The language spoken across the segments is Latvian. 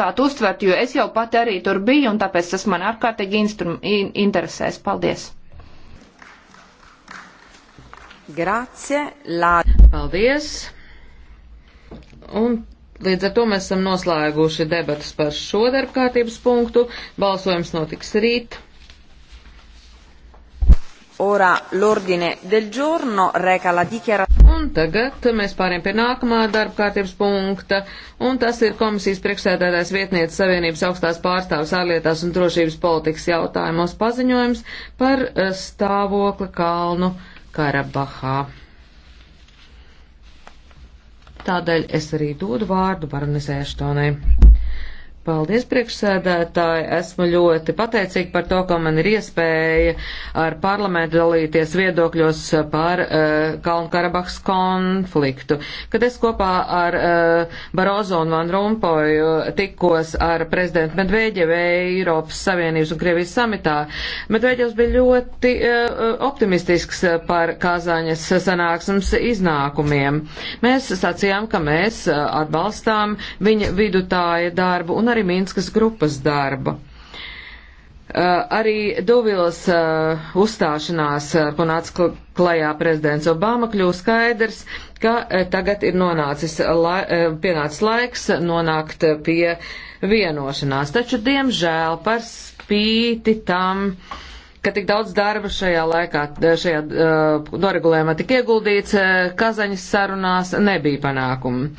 klāt uztvert, jo es jau pat arī tur biju, un tāpēc tas man ārkārtīgi in interesēs. Paldies! Grazie, lā. Paldies! Un līdz ar to mēs esam noslēguši debatas par šo darbkārtības punktu. Balsojums notiks rīt. Ora l'ordine del giorno reca la dichiarazione. Un tagad mēs pāriem pie nākamā darba kārtības punkta, un tas ir komisijas priekšsēdētājs vietnietes Savienības augstās pārstāvs ārlietās un drošības politikas jautājumos paziņojums par eh, stāvokli Kalnu Karabahā. Tādēļ es arī dodu vārdu baronisē Štonai. Paldies, priekšsēdētāji. Esmu ļoti pateicīga par to, ka man ir iespēja ar parlamentu dalīties viedokļos par uh, eh, Kalnu-Karabahas konfliktu. Kad es kopā ar uh, Barozo un Van Rumpoju tikos ar prezidentu Medveģevu Eiropas Savienības un Krievijas samitā, Medveģevs bija ļoti uh, optimistisks par Kazāņas sanāksmes iznākumiem. Mēs sacījām, ka mēs uh, atbalstām viņa vidutāja darbu un un arī Minskas grupas darba. Uh, arī Duvils uh, eh, uzstāšanās, uh, ko nāca klajā prezidents Obama, kļūst skaidrs, ka uh, tagad ir nonācis lai, uh, pienācis laiks nonākt pie vienošanās. Taču, diemžēl, par spīti tam uh, ka tik daudz darba šajā laikā, šajā uh, noregulējumā tik ieguldīts, uh, Kazaņas sarunās nebija panākumu.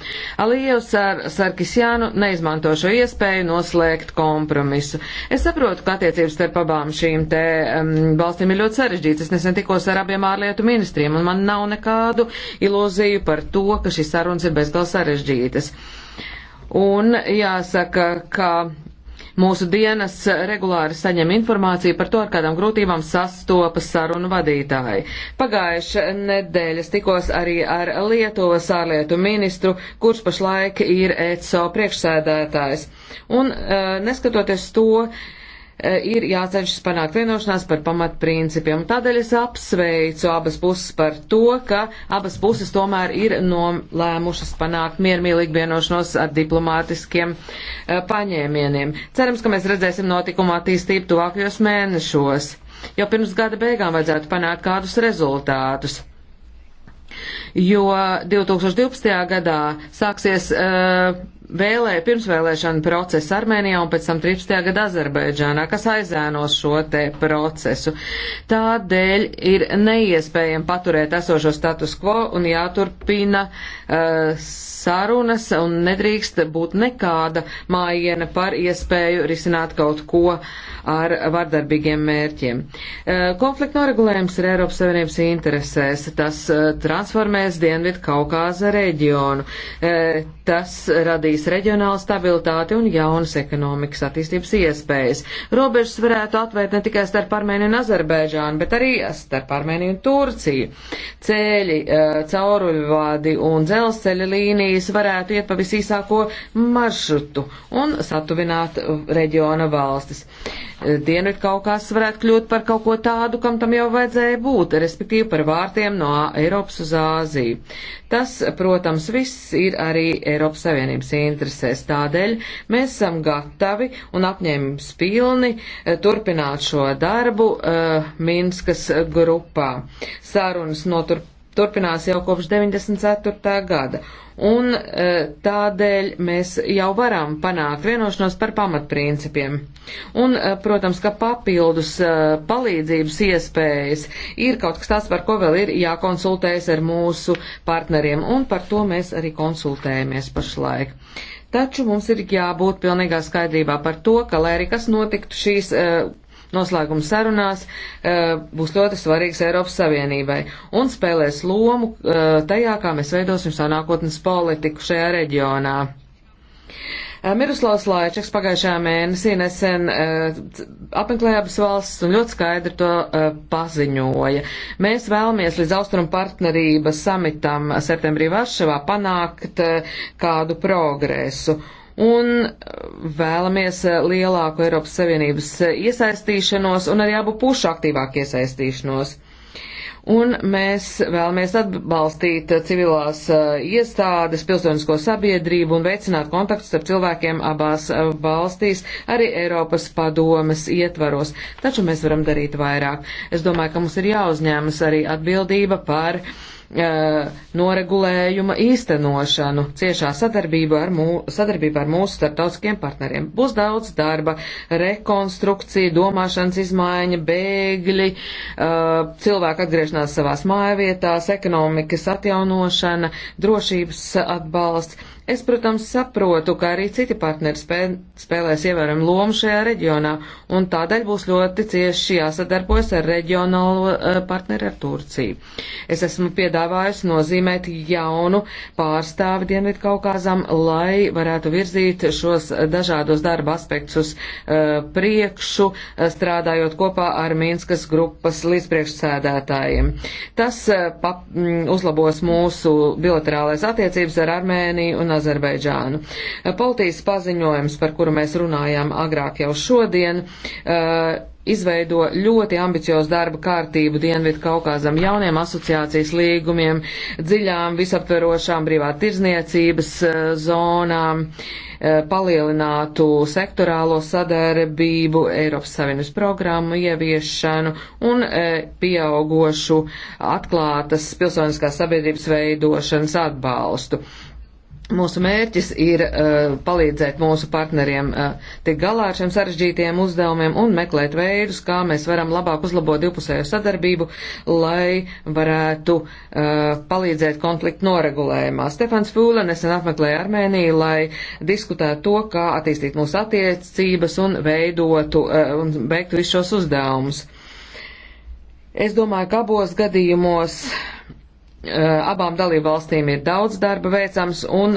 Alijevs ar Sarkisjānu neizmanto šo iespēju noslēgt kompromisu. Es saprotu, ka attiecības starp abām šīm te um, valstīm ir ļoti sarežģītas. Es nesen tikos ar abiem ārlietu ministriem, un man nav nekādu ilūziju par to, ka šīs sarunas ir bezgal sarežģītas. Un jāsaka, ka Mūsu dienas regulāri saņem informāciju par to, ar kādām grūtībām sastopas sarunu vadītāji. Pagājuši nedēļas tikos arī ar Lietuvas ārlietu ministru, kurš pašlaik ir ECO priekšsēdētājs. Un, eh, neskatoties to, E, ir jācenšas panākt vienošanās par pamatprincipiem. Tādēļ es apsveicu abas puses par to, ka abas puses tomēr ir nolēmušas panākt miermīlīgu vienošanos ar diplomātiskiem uh, paņēmieniem. Cerams, ka mēs redzēsim notikumu attīstību tuvākajos mēnešos. Jau pirms gada beigām vajadzētu panākt kādus rezultātus. Jo 2012. gadā sāksies uh, vēlē, pirmsvēlēšana procesu Armēnijā un pēc tam 13. gada Azerbaidžānā, kas aizēnos šo te procesu. Tādēļ ir neiespējami paturēt esošo status quo un jāturpina uh, sarunas un nedrīkst būt nekāda mājiena par iespēju risināt kaut ko ar vardarbīgiem mērķiem. Uh, konflikta noregulējums ir Eiropas Savienības interesēs. Tas uh, transformēs Dienvidu Kaukāza reģionu. Uh, tas radīs radīs reģionālu stabilitāti un jaunas ekonomikas attīstības iespējas. Robežas varētu atvērt ne tikai starp Armēniju un Azerbaidžānu, bet arī starp Armēniju un Turciju. Ceļi, eh, cauruļvādi un dzelzceļa līnijas varētu iet pa visīsāko maršrutu un satuvināt reģiona valstis. Eh, Dienvidkaukās varētu kļūt par kaut ko tādu, kam tam jau vajadzēja būt, respektīvi par vārtiem no Eiropas uz Āziju. Tas, protams, viss ir arī Eiropas Savienības interesēs interesēs. Tādēļ mēs esam gatavi un apņēmības pilni eh, turpināt šo darbu eh, Minskas grupā. Sārunas noturp turpinās jau kopš 94. gada. Un e, tādēļ mēs jau varam panākt vienošanos par pamatprincipiem. Un, e, protams, ka papildus e, palīdzības iespējas ir kaut kas tāds, par ko vēl ir jākonsultējas ar mūsu partneriem, un par to mēs arī konsultējamies pašlaik. Taču mums ir jābūt pilnīgā skaidrībā par to, ka, lai arī kas notiktu šīs uh, noslēguma sarunās eh, būs ļoti svarīgs Eiropas Savienībai un spēlēs lomu eh, tajā, kā mēs veidosim savu nākotnes politiku šajā reģionā. Eh, Miruslavs Laičeks pagājušajā mēnesī nesen uh, apmeklēja abas valstis un ļoti skaidri to uh, paziņoja. Mēs vēlamies līdz austrumu partnerības samitam septembrī Varšavā panākt uh, kādu progresu un vēlamies lielāku Eiropas Savienības iesaistīšanos un arī abu pušu aktīvāku iesaistīšanos. Un mēs vēlamies atbalstīt civilās uh, iestādes, pilsonisko sabiedrību un veicināt kontaktus ar cilvēkiem abās uh, valstīs, arī Eiropas padomes ietvaros. Taču mēs varam darīt vairāk. Es domāju, ka mums ir jāuzņēmas arī atbildība par uh, noregulējuma īstenošanu ciešā sadarbībā ar, mū, sadarbībā ar mūsu starptautiskiem partneriem. Būs daudz darba, rekonstrukcija, domāšanas izmaiņa, bēgļi, cilvēku atgriešanās savās mājvietās, ekonomikas atjaunošana, drošības atbalsts. Es, protams, saprotu, ka arī citi partneri spē, spēlēs ievērojumu lomu šajā reģionā, un tādēļ būs ļoti cieši jāsadarbojas ar reģionālo eh, partneri ar Turciju. Es esmu piedāvājusi nozīmēt jaunu pārstāvi Dienvidu Kaukāzam, lai varētu virzīt šos dažādos darba aspektus uz uh, priekšu, eh, strādājot kopā ar Minskas grupas līdzpriekšsēdētājiem. Tas uh, pap, mm, uzlabos mūsu bilaterālais attiecības ar Armēniju un un Azerbaidžānu. Poltijas paziņojums, par kuru mēs runājām agrāk jau šodien, eh, izveido ļoti ambiciozu darba kārtību Dienvidu Kaukāzam jauniem asociācijas līgumiem, dziļām visaptverošām brīvā tirzniecības eh, zonām, eh, palielinātu sektorālo sadarbību, Eiropas Savienības programmu ieviešanu un pieaugošu atklātas pilsoniskās sabiedrības veidošanas atbalstu. Mūsu mērķis ir uh, palīdzēt mūsu partneriem uh, tik galā ar šiem sarežģītiem uzdevumiem un meklēt veidus, kā mēs varam labāk uzlabot divpusējo sadarbību, lai varētu uh, palīdzēt konfliktu noregulējumā. Stefans Fūle nesen apmeklēja Armēniju, lai diskutētu to, kā attīstīt mūsu attiecības un veidotu uh, un veiktu visus šos uzdevumus. Es domāju, ka abos gadījumos Eh, abām dalībvalstīm ir daudz darba veicams, un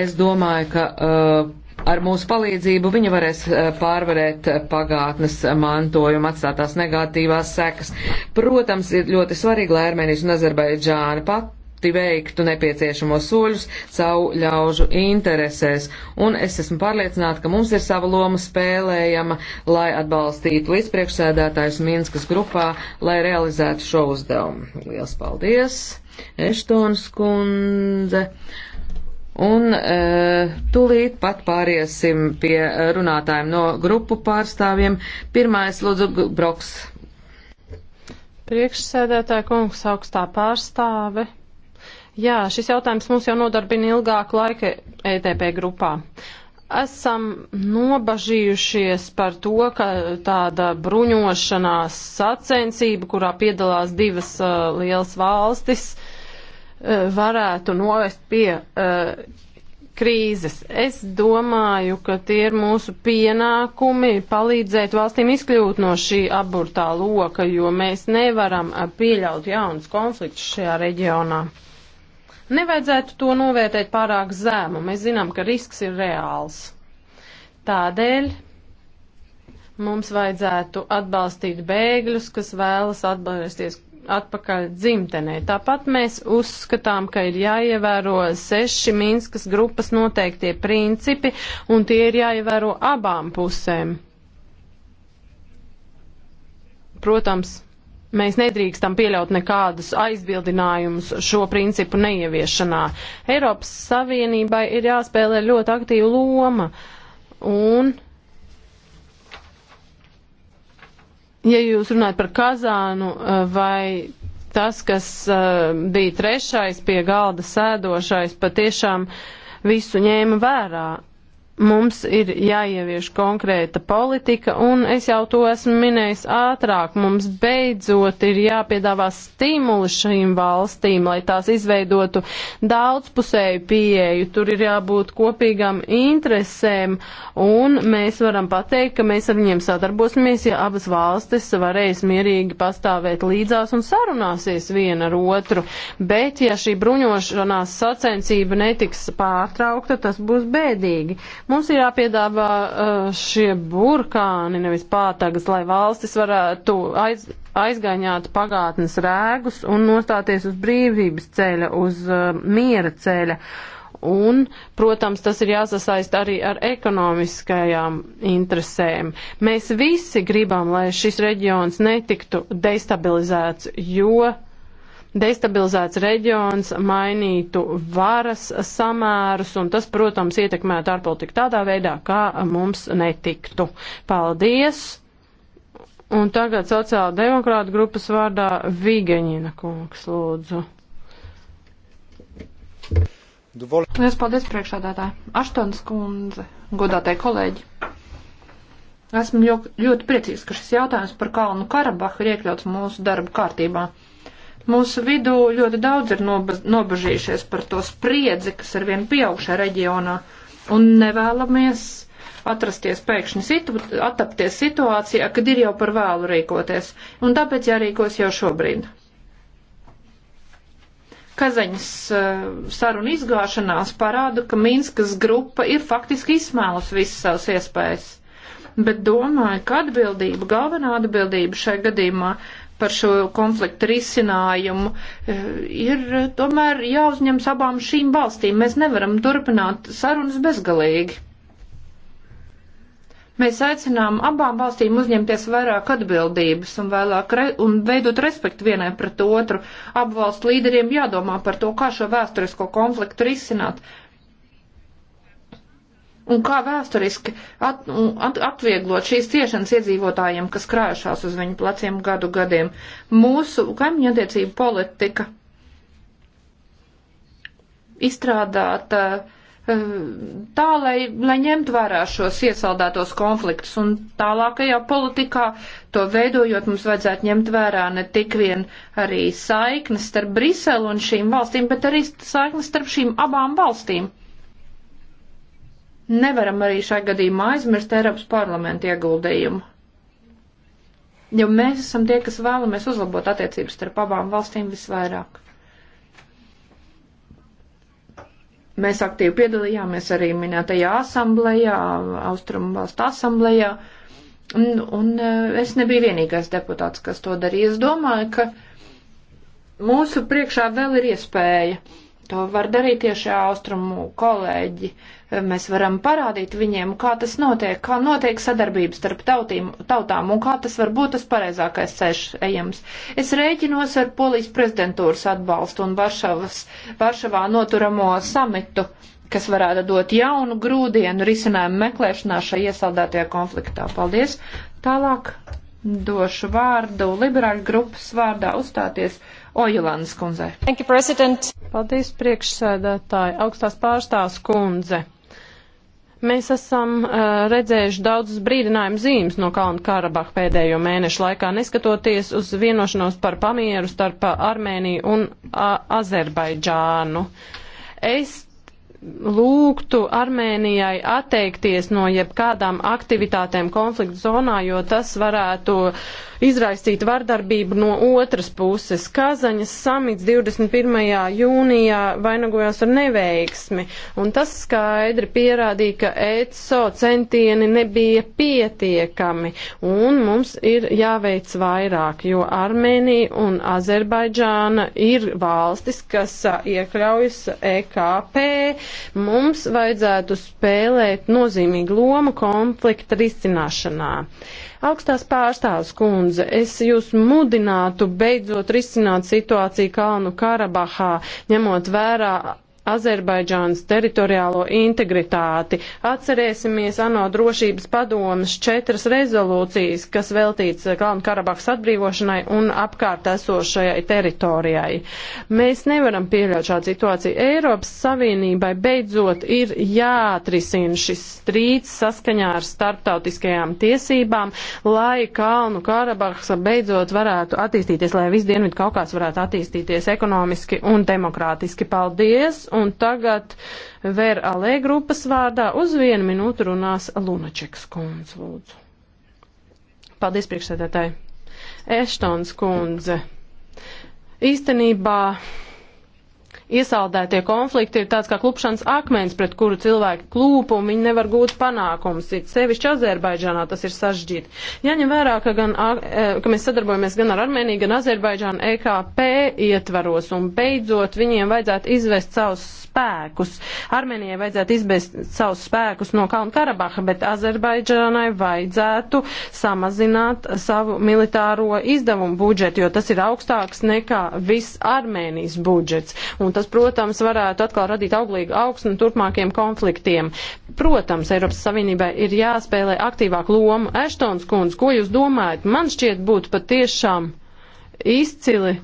es domāju, ka eh, ar mūsu palīdzību viņi varēs eh, pārvarēt pagātnes mantojuma atstātās negatīvās sekas. Protams, ir ļoti svarīgi, lai Armēnijas un Azerbaidžāna pat veiktu nepieciešamos soļus savu ļaužu interesēs. Un es esmu pārliecināta, ka mums ir sava loma spēlējama, lai atbalstītu līdzpriekšsēdētājus Minskas grupā, lai realizētu šo uzdevumu. Lielas paldies, Eštons kundze! Un e, tūlīt pat pāriesim pie runātājiem no grupu pārstāvjiem. Pirmais, lūdzu, Broks. Priekšsēdētāja kungs augstā pārstāve. Jā, šis jautājums mums jau nodarbina ilgāku laiku ETP grupā esam nobažījušies par to, ka tāda bruņošanās sacensība, kurā piedalās divas uh, lielas valstis, uh, varētu novest pie uh, krīzes. Es domāju, ka tie ir mūsu pienākumi palīdzēt valstīm izkļūt no šī aburtā loka, jo mēs nevaram uh, pieļaut jaunus konfliktus šajā reģionā. Nevajadzētu to novērtēt pārāk zēmu. Mēs zinām, ka risks ir reāls. Tādēļ mums vajadzētu atbalstīt bēgļus, kas vēlas atgriezties atpakaļ dzimtenē. Tāpat mēs uzskatām, ka ir jāievēro seši Minskas grupas noteiktie principi, un tie ir jāievēro abām pusēm. Protams, Mēs nedrīkstam pieļaut nekādus aizbildinājumus šo principu neieviešanā. Eiropas Savienībai ir jāspēlē ļoti aktīva loma. Un, ja jūs runājat par Kazānu eh, vai tas, kas eh, bija trešais pie galda sēdošais, patiešām visu ņēma vērā mums ir jāievieš konkrēta politika, un es jau to esmu minējis ātrāk. Mums beidzot ir jāpiedāvā stimuli šīm valstīm, lai tās izveidotu daudzpusēju pieeju. Tur ir jābūt kopīgām interesēm, un mēs varam pateikt, ka mēs ar viņiem sadarbosimies, ja abas valstis varēs mierīgi pastāvēt līdzās un sarunāsies viena ar otru. Bet, ja šī bruņošanās sacensība netiks pārtraukta, tas būs bēdīgi. Mums ir jāpiedāvā uh, šie burkāni, nevis pātagas, lai valstis varētu aiz, aizgaņāt pagātnes rēgus un nostāties uz brīvības ceļa, uz uh, miera ceļa. Un, protams, tas ir jāsasaist arī ar ekonomiskajām interesēm. Mēs visi gribam, lai šis reģions netiktu destabilizēts, jo destabilizēts reģions mainītu varas samērus, un tas, protams, ietekmētu ārpolitiku tādā veidā, kā mums netiktu. Paldies! Un tagad sociāla demokrāta grupas vārdā Vigeņina kungs lūdzu. Liels paldies priekšādātāji. Aštons kundze, godātai kolēģi. Esmu ļoti priecīgs, ka šis jautājums par Kalnu Karabahu ir iekļauts mūsu darba kārtībā. Mūsu vidū ļoti daudz ir noba nobažījušies par to spriedzi, kas ar vienu pieaugšā reģionā, un nevēlamies atrasties pēkšņi situ atapties situācijā, kad ir jau par vēlu rīkoties, un tāpēc jārīkos jau šobrīd. Kazaņas uh, saruna izgāšanās parāda, ka Minskas grupa ir faktiski izsmēlus visas savas iespējas bet domāju, ka atbildība, galvenā atbildība šai gadījumā par šo konfliktu risinājumu, e, ir tomēr jāuzņems abām šīm valstīm. Mēs nevaram turpināt sarunas bezgalīgi. Mēs aicinām abām valstīm uzņemties vairāk atbildības un, vēlāk re, un veidot respektu vienai pret otru. Abu valstu līderiem jādomā par to, kā šo vēsturisko konfliktu risināt, un kā vēsturiski at, at, atvieglot šīs ciešanas iedzīvotājiem, kas krājušās uz viņu pleciem gadu gadiem. Mūsu kaimiņu attiecību politika izstrādāta eh, tā, lai, lai ņemtu vērā šos iesaldētos konfliktus un tālākajā politikā to veidojot mums vajadzētu ņemt vērā ne tik vien arī saiknes starp Briselu un šīm valstīm, bet arī saiknes starp šīm abām valstīm nevaram arī šai gadījumā aizmirst Eiropas parlamenta ieguldījumu. Jo mēs esam tie, kas vēlamies uzlabot attiecības starp abām valstīm visvairāk. Mēs aktīvi piedalījāmies arī minētajā asamblējā, Austrumu valstu asamblējā, un, un eh, es nebiju vienīgais deputāts, kas to darīja. Es domāju, ka mūsu priekšā vēl ir iespēja To var darīt tieši austrumu kolēģi. Mēs varam parādīt viņiem, kā tas notiek, kā notiek sadarbības starp tautīm, tautām un kā tas var būt tas pareizākais ceļš ejams. Es rēķinos ar polijas prezidentūras atbalstu un Varšavas, Varšavā noturamo samitu, kas varētu dot jaunu grūdienu risinājumu meklēšanā šajā iesaldētajā konfliktā. Paldies! Tālāk došu vārdu liberāļu grupas vārdā uzstāties Ojulānas kundzei. Paldies, priekšsēdētāji, augstās pārstāvs kundze. Mēs esam uh, redzējuši daudzas brīdinājuma zīmes no Kalnu Karabahu pēdējo mēnešu laikā, neskatoties uz vienošanos par pamieru starp uh, Armēniju un uh, Azerbaidžānu. Es lūgtu Armēnijai atteikties no jebkādām aktivitātēm konflikta zonā, jo tas varētu uh, izraisīt vardarbību no otras puses. Kazaņas samits 21. jūnijā vainagojās ar neveiksmi, un tas skaidri pierādīja, ka ECO centieni nebija pietiekami, un mums ir jāveic vairāk, jo Armēnija un Azerbaidžāna ir valstis, kas iekļaujas EKP. Mums vajadzētu spēlēt nozīmīgu lomu konflikta risināšanā. Augstās pārstāvs kundze, es jūs mudinātu beidzot risināt situāciju Kalnu Karabahā, ņemot vērā Azerbaidžānas teritoriālo integritāti. Atcerēsimies ANO drošības padomas četras rezolūcijas, kas veltīts eh, Kalnu Karabahas atbrīvošanai un apkārt esošajai teritorijai. Mēs nevaram pieļaut šādu situāciju. Eiropas Savienībai beidzot ir jāatrisina šis strīds saskaņā ar starptautiskajām tiesībām, lai Kalnu Karabahas beidzot varētu attīstīties, lai viss Dienvidu Kaukās varētu attīstīties ekonomiski un demokrātiski. Paldies! un tagad Ver Alē grupas vārdā uz vienu minūtu runās Lunačeks kundze, lūdzu. Paldies, priekšsēdētāji. Eštons kundze. Īstenībā Iesaldētie konflikti ir tāds kā klupšanas akmens, pret kuru cilvēki klūp un viņi nevar gūt panākumus. It sevišķi Azerbaidžānā tas ir sažģīti. Jaņem vērā, ka, gan, e, ka mēs sadarbojamies gan ar Armēniju, gan Azerbaidžānu EKP ietvaros un beidzot viņiem vajadzētu izvest savus spēkus. Armēnijai vajadzētu izbēst savus spēkus no Kalnu Karabaha, bet Azerbaidžānai vajadzētu samazināt savu militāro izdevumu budžetu, jo tas ir augstāks nekā viss Armēnijas budžets. Un tas, protams, varētu atkal radīt auglīgu augstu turpmākiem konfliktiem. Protams, Eiropas Savienībai ir jāspēlē aktīvāk loma. Eštons kundz, ko jūs domājat? Man šķiet būtu patiešām izcili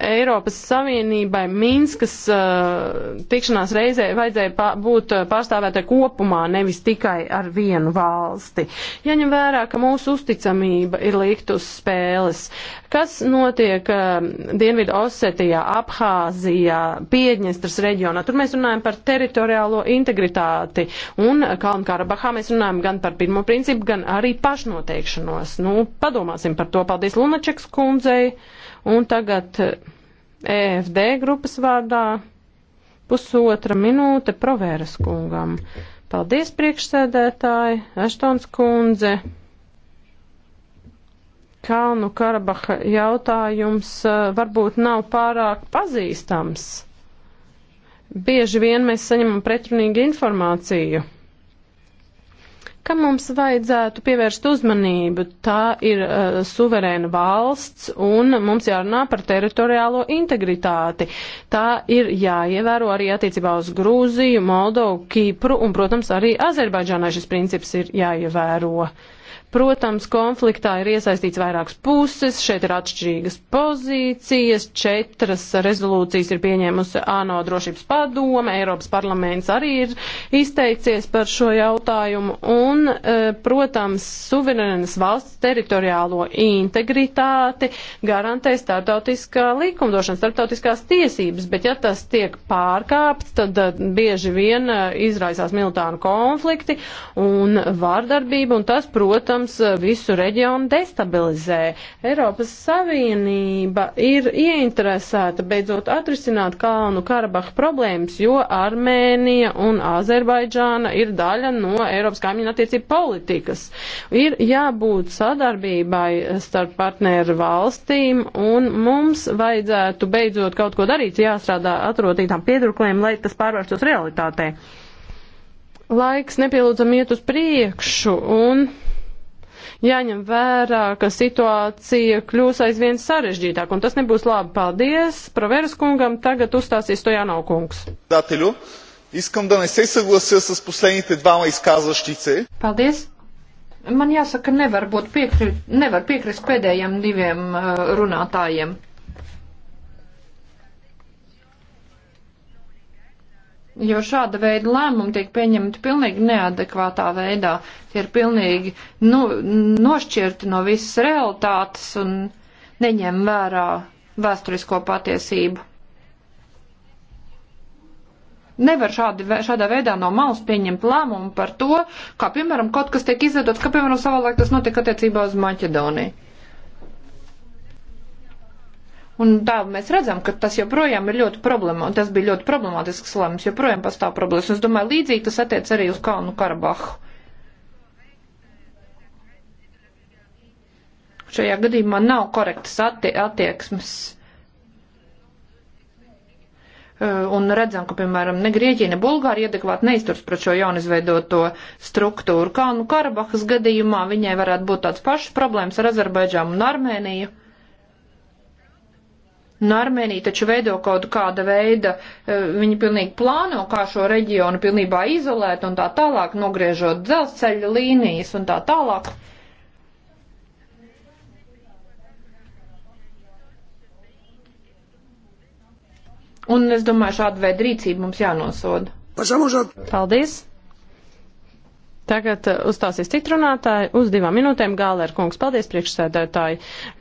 Eiropas Savienībai Minskas uh, tikšanās reizē vajadzēja pā, būt uh, pārstāvētai kopumā, nevis tikai ar vienu valsti. Jaņem vērā, ka mūsu uzticamība ir likt uz spēles. Kas notiek uh, Dienvidu Osetijā, Abhāzijā, Piedņestras reģionā? Tur mēs runājam par teritoriālo integritāti un Kalnkarabahā mēs runājam gan par pirmo principu, gan arī pašnoteikšanos. Nu, padomāsim par to. Paldies Lunačeks kundzei Un tagad EFD eh, e grupas vārdā pusotra minūte provēras kungam. Paldies, priekšsēdētāji, Eštons kundze. Kalnu Karabaha jautājums eh, varbūt nav pārāk pazīstams. Bieži vien mēs saņemam pretrunīgu informāciju kam mums vajadzētu pievērst uzmanību. Tā ir uh, suverēna valsts un mums jārunā par teritoriālo integritāti. Tā ir jāievēro arī attiecībā uz Grūziju, Moldovu, Kīpru un, protams, arī Azerbaidžānai šis princips ir jāievēro. Uh, Protams, konfliktā ir iesaistīts vairākas puses, šeit ir atšķirīgas pozīcijas, četras rezolūcijas ir pieņēmusi ANO drošības padome, Eiropas parlaments arī ir izteicies par šo jautājumu un, e, protams, suverēnas valsts teritoriālo integritāti garantē starptautiskā likumdošana, starptautiskās tiesības, bet ja tas tiek pārkāpts, tad e, bieži vien e, izraisās militāru konflikti un vārdarbību un tas, protams, protams, visu reģionu destabilizē. Eiropas Savienība ir ieinteresēta beidzot atrisināt Kalnu Karabahu problēmas, jo Armēnija un Azerbaidžāna ir daļa no Eiropas kaimiņu attiecību politikas. Ir jābūt sadarbībai starp partneru valstīm un mums vajadzētu beidzot kaut ko darīt, jāstrādā atrotītām piedruklēm, lai tas pārvērstos realitātē laiks nepielūdzami iet uz priekšu, un jāņem vērā, ka situācija kļūs aizvien sarežģītāk, un tas nebūs labi. Paldies, Proveras kungam, tagad uzstāsies to Jānau kungs. Datelju, искам да не се съглася с последните двама изказващи се. Paldies. Man jāsaka, nevar, būt piekri, nevar piekrist pēdējiem diviem uh, runātājiem. jo šāda veida lēmumi tiek pieņemti pilnīgi neadekvātā veidā. Tie ir pilnīgi nu, nošķirti no visas realitātes un neņem vērā vēsturisko patiesību. Nevar šādi, šādā veidā no malas pieņemt lēmumu par to, kā, piemēram, kaut kas tiek izveidots, kā, piemēram, savādāk tas notiek attiecībā uz Maķedoniju. Un tā mēs redzam, ka tas joprojām ir ļoti problēma, tas bija ļoti problemātisks lēmums, joprojām pastāv problēmas. Un es domāju, līdzīgi tas attiec arī uz Kalnu Karabahu. Šajā gadījumā nav korektas attie attieksmes. Un redzam, ka, piemēram, ne Grieķija, ne Bulgārija adekvāti neizturs pret šo jaunizveidoto struktūru. Kalnu Karabahas gadījumā viņai varētu būt tāds pašs problēmas ar Azerbaidžām un Armēniju Un nu, Armēnija taču veido kaut kāda veida, e, viņi pilnīgi plāno, kā šo reģionu pilnībā izolēt un tā tālāk, nogriežot dzelzceļa līnijas un tā tālāk. Un es domāju, šāda veida rīcība mums jānosoda. Paldies! Tagad uh, uzstāsies citrunātāji uz divām minūtēm. Gālēr kungs, paldies priekšsēdētāji.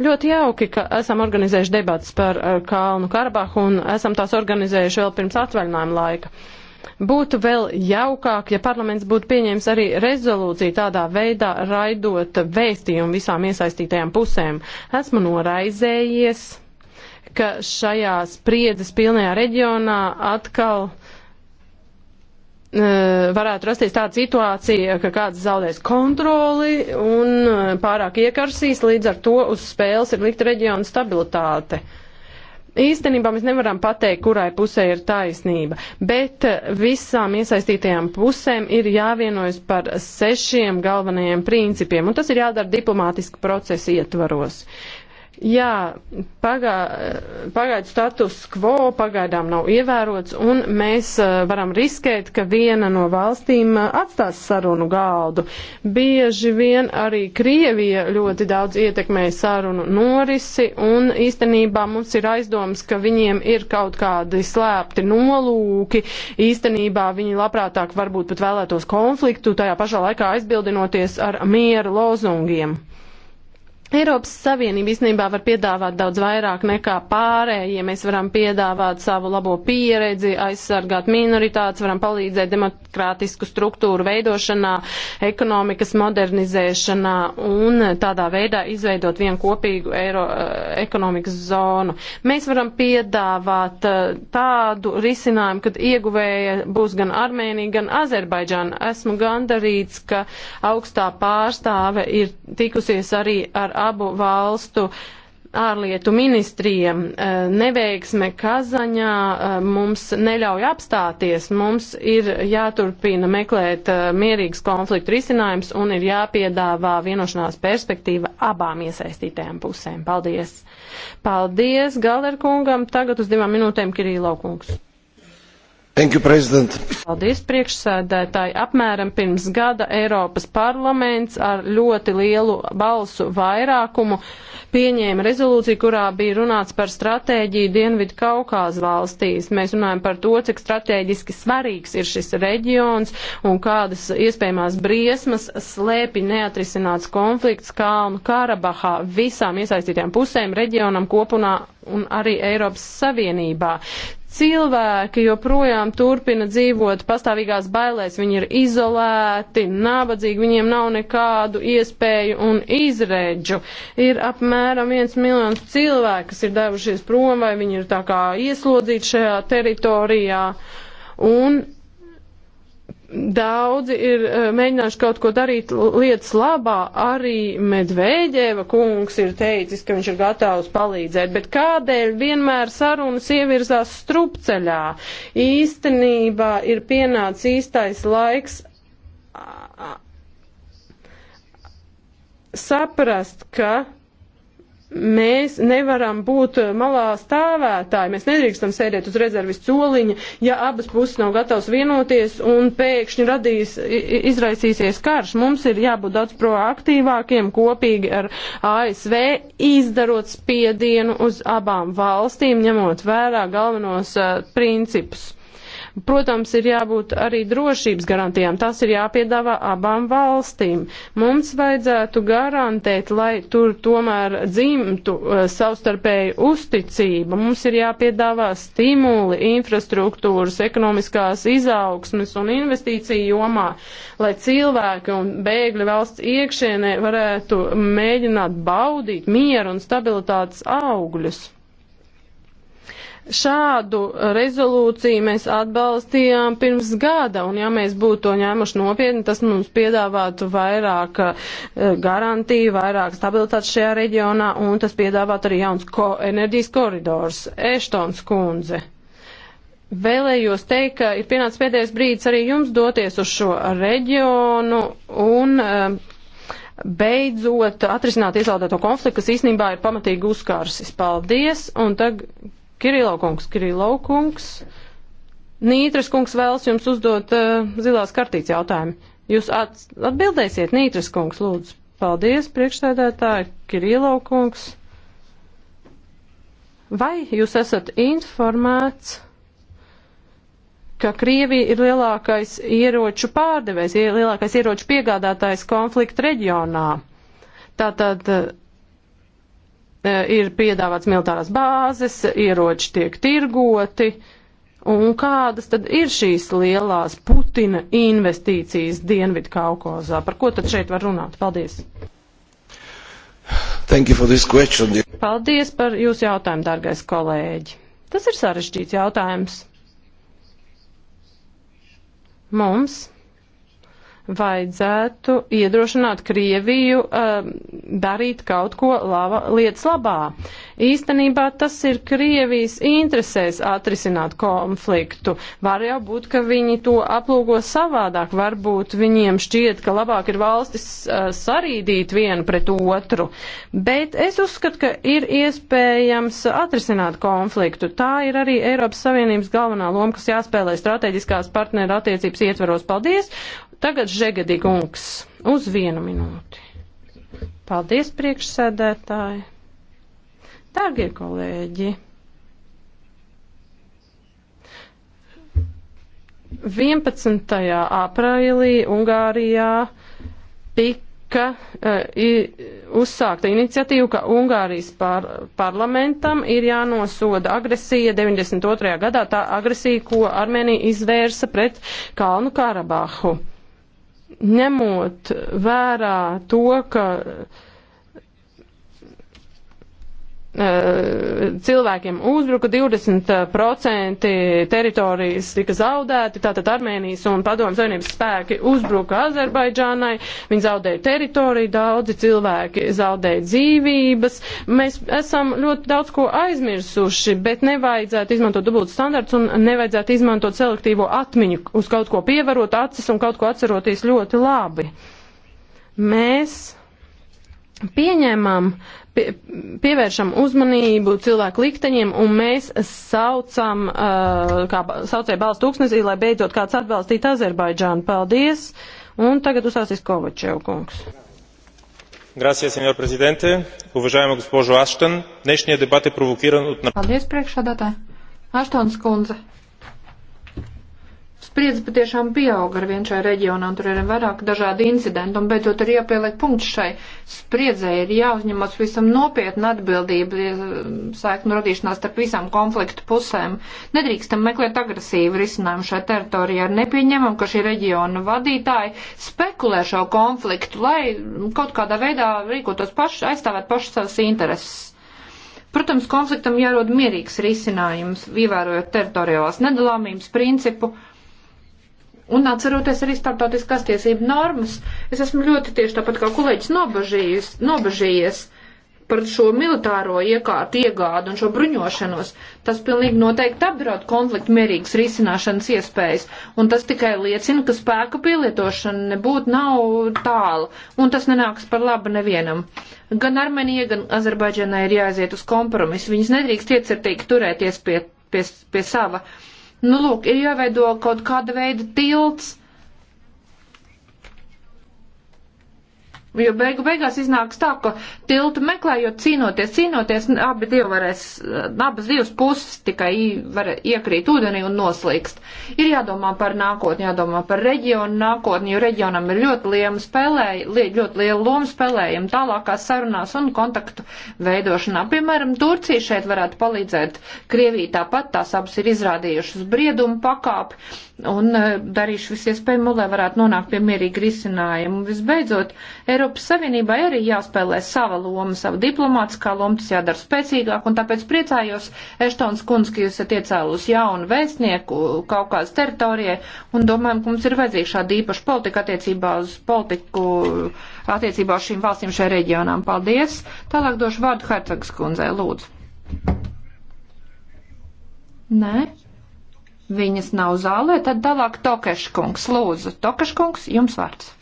Ļoti jauki, ka esam organizējuši debatas par uh, Kalnu Karabahu un esam tās organizējuši vēl pirms atvaļinājuma laika. Būtu vēl jaukāk, ja parlaments būtu pieņēmis arī rezolūciju tādā veidā raidot vēstījumu visām iesaistītajām pusēm. Esmu noraizējies, ka šajā spriedzes pilnajā reģionā atkal uh, E, varētu rasties tāda situācija, ka kāds zaudēs kontroli un e, pārāk iekarsīs, līdz ar to uz spēles ir likt reģiona stabilitāte. Īstenībā mēs nevaram pateikt, kurai pusē ir taisnība, bet visām iesaistītajām pusēm ir jāvienojas par sešiem galvenajiem principiem, un tas ir jādara diplomātiski procesa ietvaros. Jā, pagā, pagaidu status quo pagaidām nav ievērots, un mēs eh, varam riskēt, ka viena no valstīm eh, atstās sarunu galdu. Bieži vien arī Krievija ļoti daudz ietekmē sarunu norisi, un īstenībā mums ir aizdoms, ka viņiem ir kaut kādi slēpti nolūki. Īstenībā viņi labprātāk varbūt pat vēlētos konfliktu, tajā pašā laikā aizbildinoties ar miera lozungiem. Eiropas Savienība īstenībā var piedāvāt daudz vairāk nekā pārējie. Mēs varam piedāvāt savu labo pieredzi, aizsargāt minoritātes, varam palīdzēt demokrātisku struktūru veidošanā, ekonomikas modernizēšanā un tādā veidā izveidot vienu kopīgu eiro, eh, ekonomikas zonu. Mēs varam piedāvāt eh, tādu risinājumu, kad ieguvēja būs gan Armēnija, gan Azerbaidžāna. Esmu gandarīts, ka augstā pārstāve ir tikusies arī ar abu valstu ārlietu ministriem. Eh, neveiksme Kazaņā eh, mums neļauj apstāties, mums ir jāturpina meklēt eh, mierīgs konfliktu risinājums un ir jāpiedāvā vienošanās perspektīva abām iesaistītajām pusēm. Paldies! Paldies Galerkungam! Tagad uz divām minūtēm Kirīlo kungs. You, Paldies, priekšsēdētāji. Apmēram pirms gada Eiropas parlaments ar ļoti lielu balsu vairākumu pieņēma rezolūciju, kurā bija runāts par stratēģiju Dienvidu Kaukāzu valstīs. Mēs runājam par to, cik strateģiski svarīgs ir šis reģions un kādas iespējamās briesmas slēpi neatrisināts konflikts Kalnu Karabahā visām iesaistītajām pusēm, reģionam kopunā un arī Eiropas Savienībā. Cilvēki joprojām turpina dzīvot pastāvīgās bailēs, viņi ir izolēti, nabadzīgi, viņiem nav nekādu iespēju un izredžu. Ir apmēram viens miljons cilvēku, kas ir devušies prom vai viņi ir tā kā ieslodzīti šajā teritorijā. Un Daudzi ir eh, mēģinājuši kaut ko darīt lietas labā, arī Medvēģeva kungs ir teicis, ka viņš ir gatavs palīdzēt, bet kādēļ vienmēr sarunas ievirzās strupceļā? Īstenībā ir pienācis īstais laiks saprast, ka Mēs nevaram būt malā stāvētāji, mēs nedrīkstam sēdēt uz rezervis soliņa, ja abas puses nav gatavas vienoties un pēkšņi radīs, izraisīsies karš. Mums ir jābūt daudz proaktīvākiem kopīgi ar ASV, izdarot spiedienu uz abām valstīm, ņemot vērā galvenos uh, principus. Protams, ir jābūt arī drošības garantijām. Tas ir jāpiedāvā abām valstīm. Mums vajadzētu garantēt, lai tur tomēr dzimtu eh, savstarpēju uzticība. Mums ir jāpiedāvā stimuli infrastruktūras, ekonomiskās izaugsmes un investīciju jomā, lai cilvēki un bēgļi valsts iekšienē varētu mēģināt baudīt mieru un stabilitātes augļus. Šādu rezolūciju mēs atbalstījām pirms gada, un ja mēs būtu to ņēmuši nopietni, tas mums piedāvātu vairāk eh, garantiju, vairāk stabilitātes šajā reģionā, un tas piedāvātu arī jauns ko enerģijas koridors. Eštons kundze. Vēlējos teikt, ka ir pienācis pēdējais brīdis arī jums doties uz šo reģionu un eh, beidzot atrisināt iesaldēto konfliktu, kas īstenībā ir pamatīgi uzkārsis. Paldies! Un tagad Kirilaukungs, Kirilaukungs, Nītras kungs vēlas jums uzdot uh, zilās kartītes jautājumu. Jūs atbildēsiet, Nītras kungs, lūdzu. Paldies, priekšstādētāji, Kirilaukungs. Vai jūs esat informēts? ka Krievija ir lielākais ieroču pārdevējs, lielākais ieroču piegādātājs konflikta reģionā. Tātad E, ir piedāvāts militārās bāzes, ieroči tiek tirgoti. Un kādas tad ir šīs lielās Putina investīcijas Dienvidu Kaukazā? Par ko tad šeit var runāt? Paldies! Thank you for this question. Paldies par jūsu jautājumu, dārgais kolēģi. Tas ir sarežģīts jautājums. Mums vajadzētu iedrošināt Krieviju uh, darīt kaut ko lava, lietas labā. Īstenībā tas ir Krievijas interesēs atrisināt konfliktu. Var jau būt, ka viņi to aplūko savādāk. Varbūt viņiem šķiet, ka labāk ir valstis uh, sarīdīt vienu pret otru. Bet es uzskatu, ka ir iespējams atrisināt konfliktu. Tā ir arī Eiropas Savienības galvenā loma, kas jāspēlē strateģiskās partneru attiecības ietveros. Paldies! Tagad Žegedi kungs uz vienu minūti. Paldies, priekšsēdētāji. Dārgie kolēģi! 11. aprīlī Ungārijā tika uh, uzsākta iniciatīva, ka Ungārijas par, parlamentam ir jānosoda agresija 92. gadā, tā agresija, ko Armēnija izvērsa pret Kalnu Karabahu ņemot vērā to, ka Eh, cilvēkiem uzbruka, 20% teritorijas tika zaudēti, tātad Armēnijas un Padomu Savienības spēki uzbruka Azerbaidžānai, viņi zaudēja teritoriju, daudzi cilvēki zaudēja dzīvības. Mēs esam ļoti daudz ko aizmirsuši, bet nevajadzētu izmantot dubultus standarts un nevajadzētu izmantot selektīvo atmiņu, uz kaut ko pievarot acis un kaut ko atceroties ļoti labi. Mēs pieņemam, pie, pievēršam uzmanību cilvēku likteņiem un mēs saucam, uh, kā saucēja balsts tūkstnesī, lai beidzot kāds atbalstītu Azerbaidžānu. Paldies! Un tagad uzsāsīs Kovačev kungs. Gracias, senor prezidente. Уважаема госпожо Аштън, днешният дебат е провокиран от... Paldies, priekšādātāji. Аштънс кундзе spriedz patiešām pieaug ar vien šai reģionā, un tur ir vairāk dažādi incidenti, un beidzot ir jāpieliek punkts šai spriedzē, ir jāuzņemas visam nopietna atbildība eh, sēknu radīšanās starp visām konfliktu pusēm. Nedrīkstam meklēt agresīvu risinājumu šai teritorijā, ir nepieņemam, ka šī reģiona vadītāji spekulē šo konfliktu, lai kaut kādā veidā rīkotos paši, aizstāvēt paši savas intereses. Protams, konfliktam jārod mierīgs risinājums, ievērojot teritoriālās nedalāmības principu Un atceroties arī starptautiskās tiesību normas, es esmu ļoti tieši tāpat kā kolēģis nobažījies, nobažījies par šo militāro iekārtu iegādu un šo bruņošanos. Tas pilnīgi noteikti apdraud konfliktu mierīgas risināšanas iespējas, un tas tikai liecina, ka spēka pielietošana nebūtu nav tālu, un tas nenāks par labu nevienam. Gan Armenija, gan Azerbaidžanai ir jāaiziet uz kompromisu. Viņas nedrīkst iecertīgi turēties pie, pie, pie sava. Uh, Nu, lūk, ir jāveido kaut kāda veida tilts Jo beigu beigās iznāks tā, ka tiltu meklējot, cīnoties, cīnoties, abi divi varēs, abas divas puses tikai var iekrīt ūdenī un noslīkst. Ir jādomā par nākotni, jādomā par reģionu nākotni, jo reģionam ir ļoti liela spēlē, ļoti liela loma spēlējama tālākās sarunās un kontaktu veidošanā. Piemēram, Turcija šeit varētu palīdzēt Krievijai tāpat, tās abas ir izrādījušas briedumu pakāpi un eh, darīšu visiespējamo, lai varētu nonākt pie mierīga risinājuma. Visbeidzot, Eiropas Eiropas Savienībai arī jāspēlē sava loma, sava diplomātiskā loma, tas jādara spēcīgāk, un tāpēc priecājos, Eštons Kunz, ka jūs esat iecēlus jaunu vēstnieku kaut kādas teritorijai, un domājam, ka mums ir vajadzīga šāda īpaša politika attiecībā uz politiku, attiecībā uz šīm valstīm šajā reģionām. Paldies! Tālāk došu vārdu Hercegas kundzei, lūdzu. Nē? Viņas nav zālē, tad tālāk Tokeškungs. Lūdzu, Tokeškungs, jums vārds.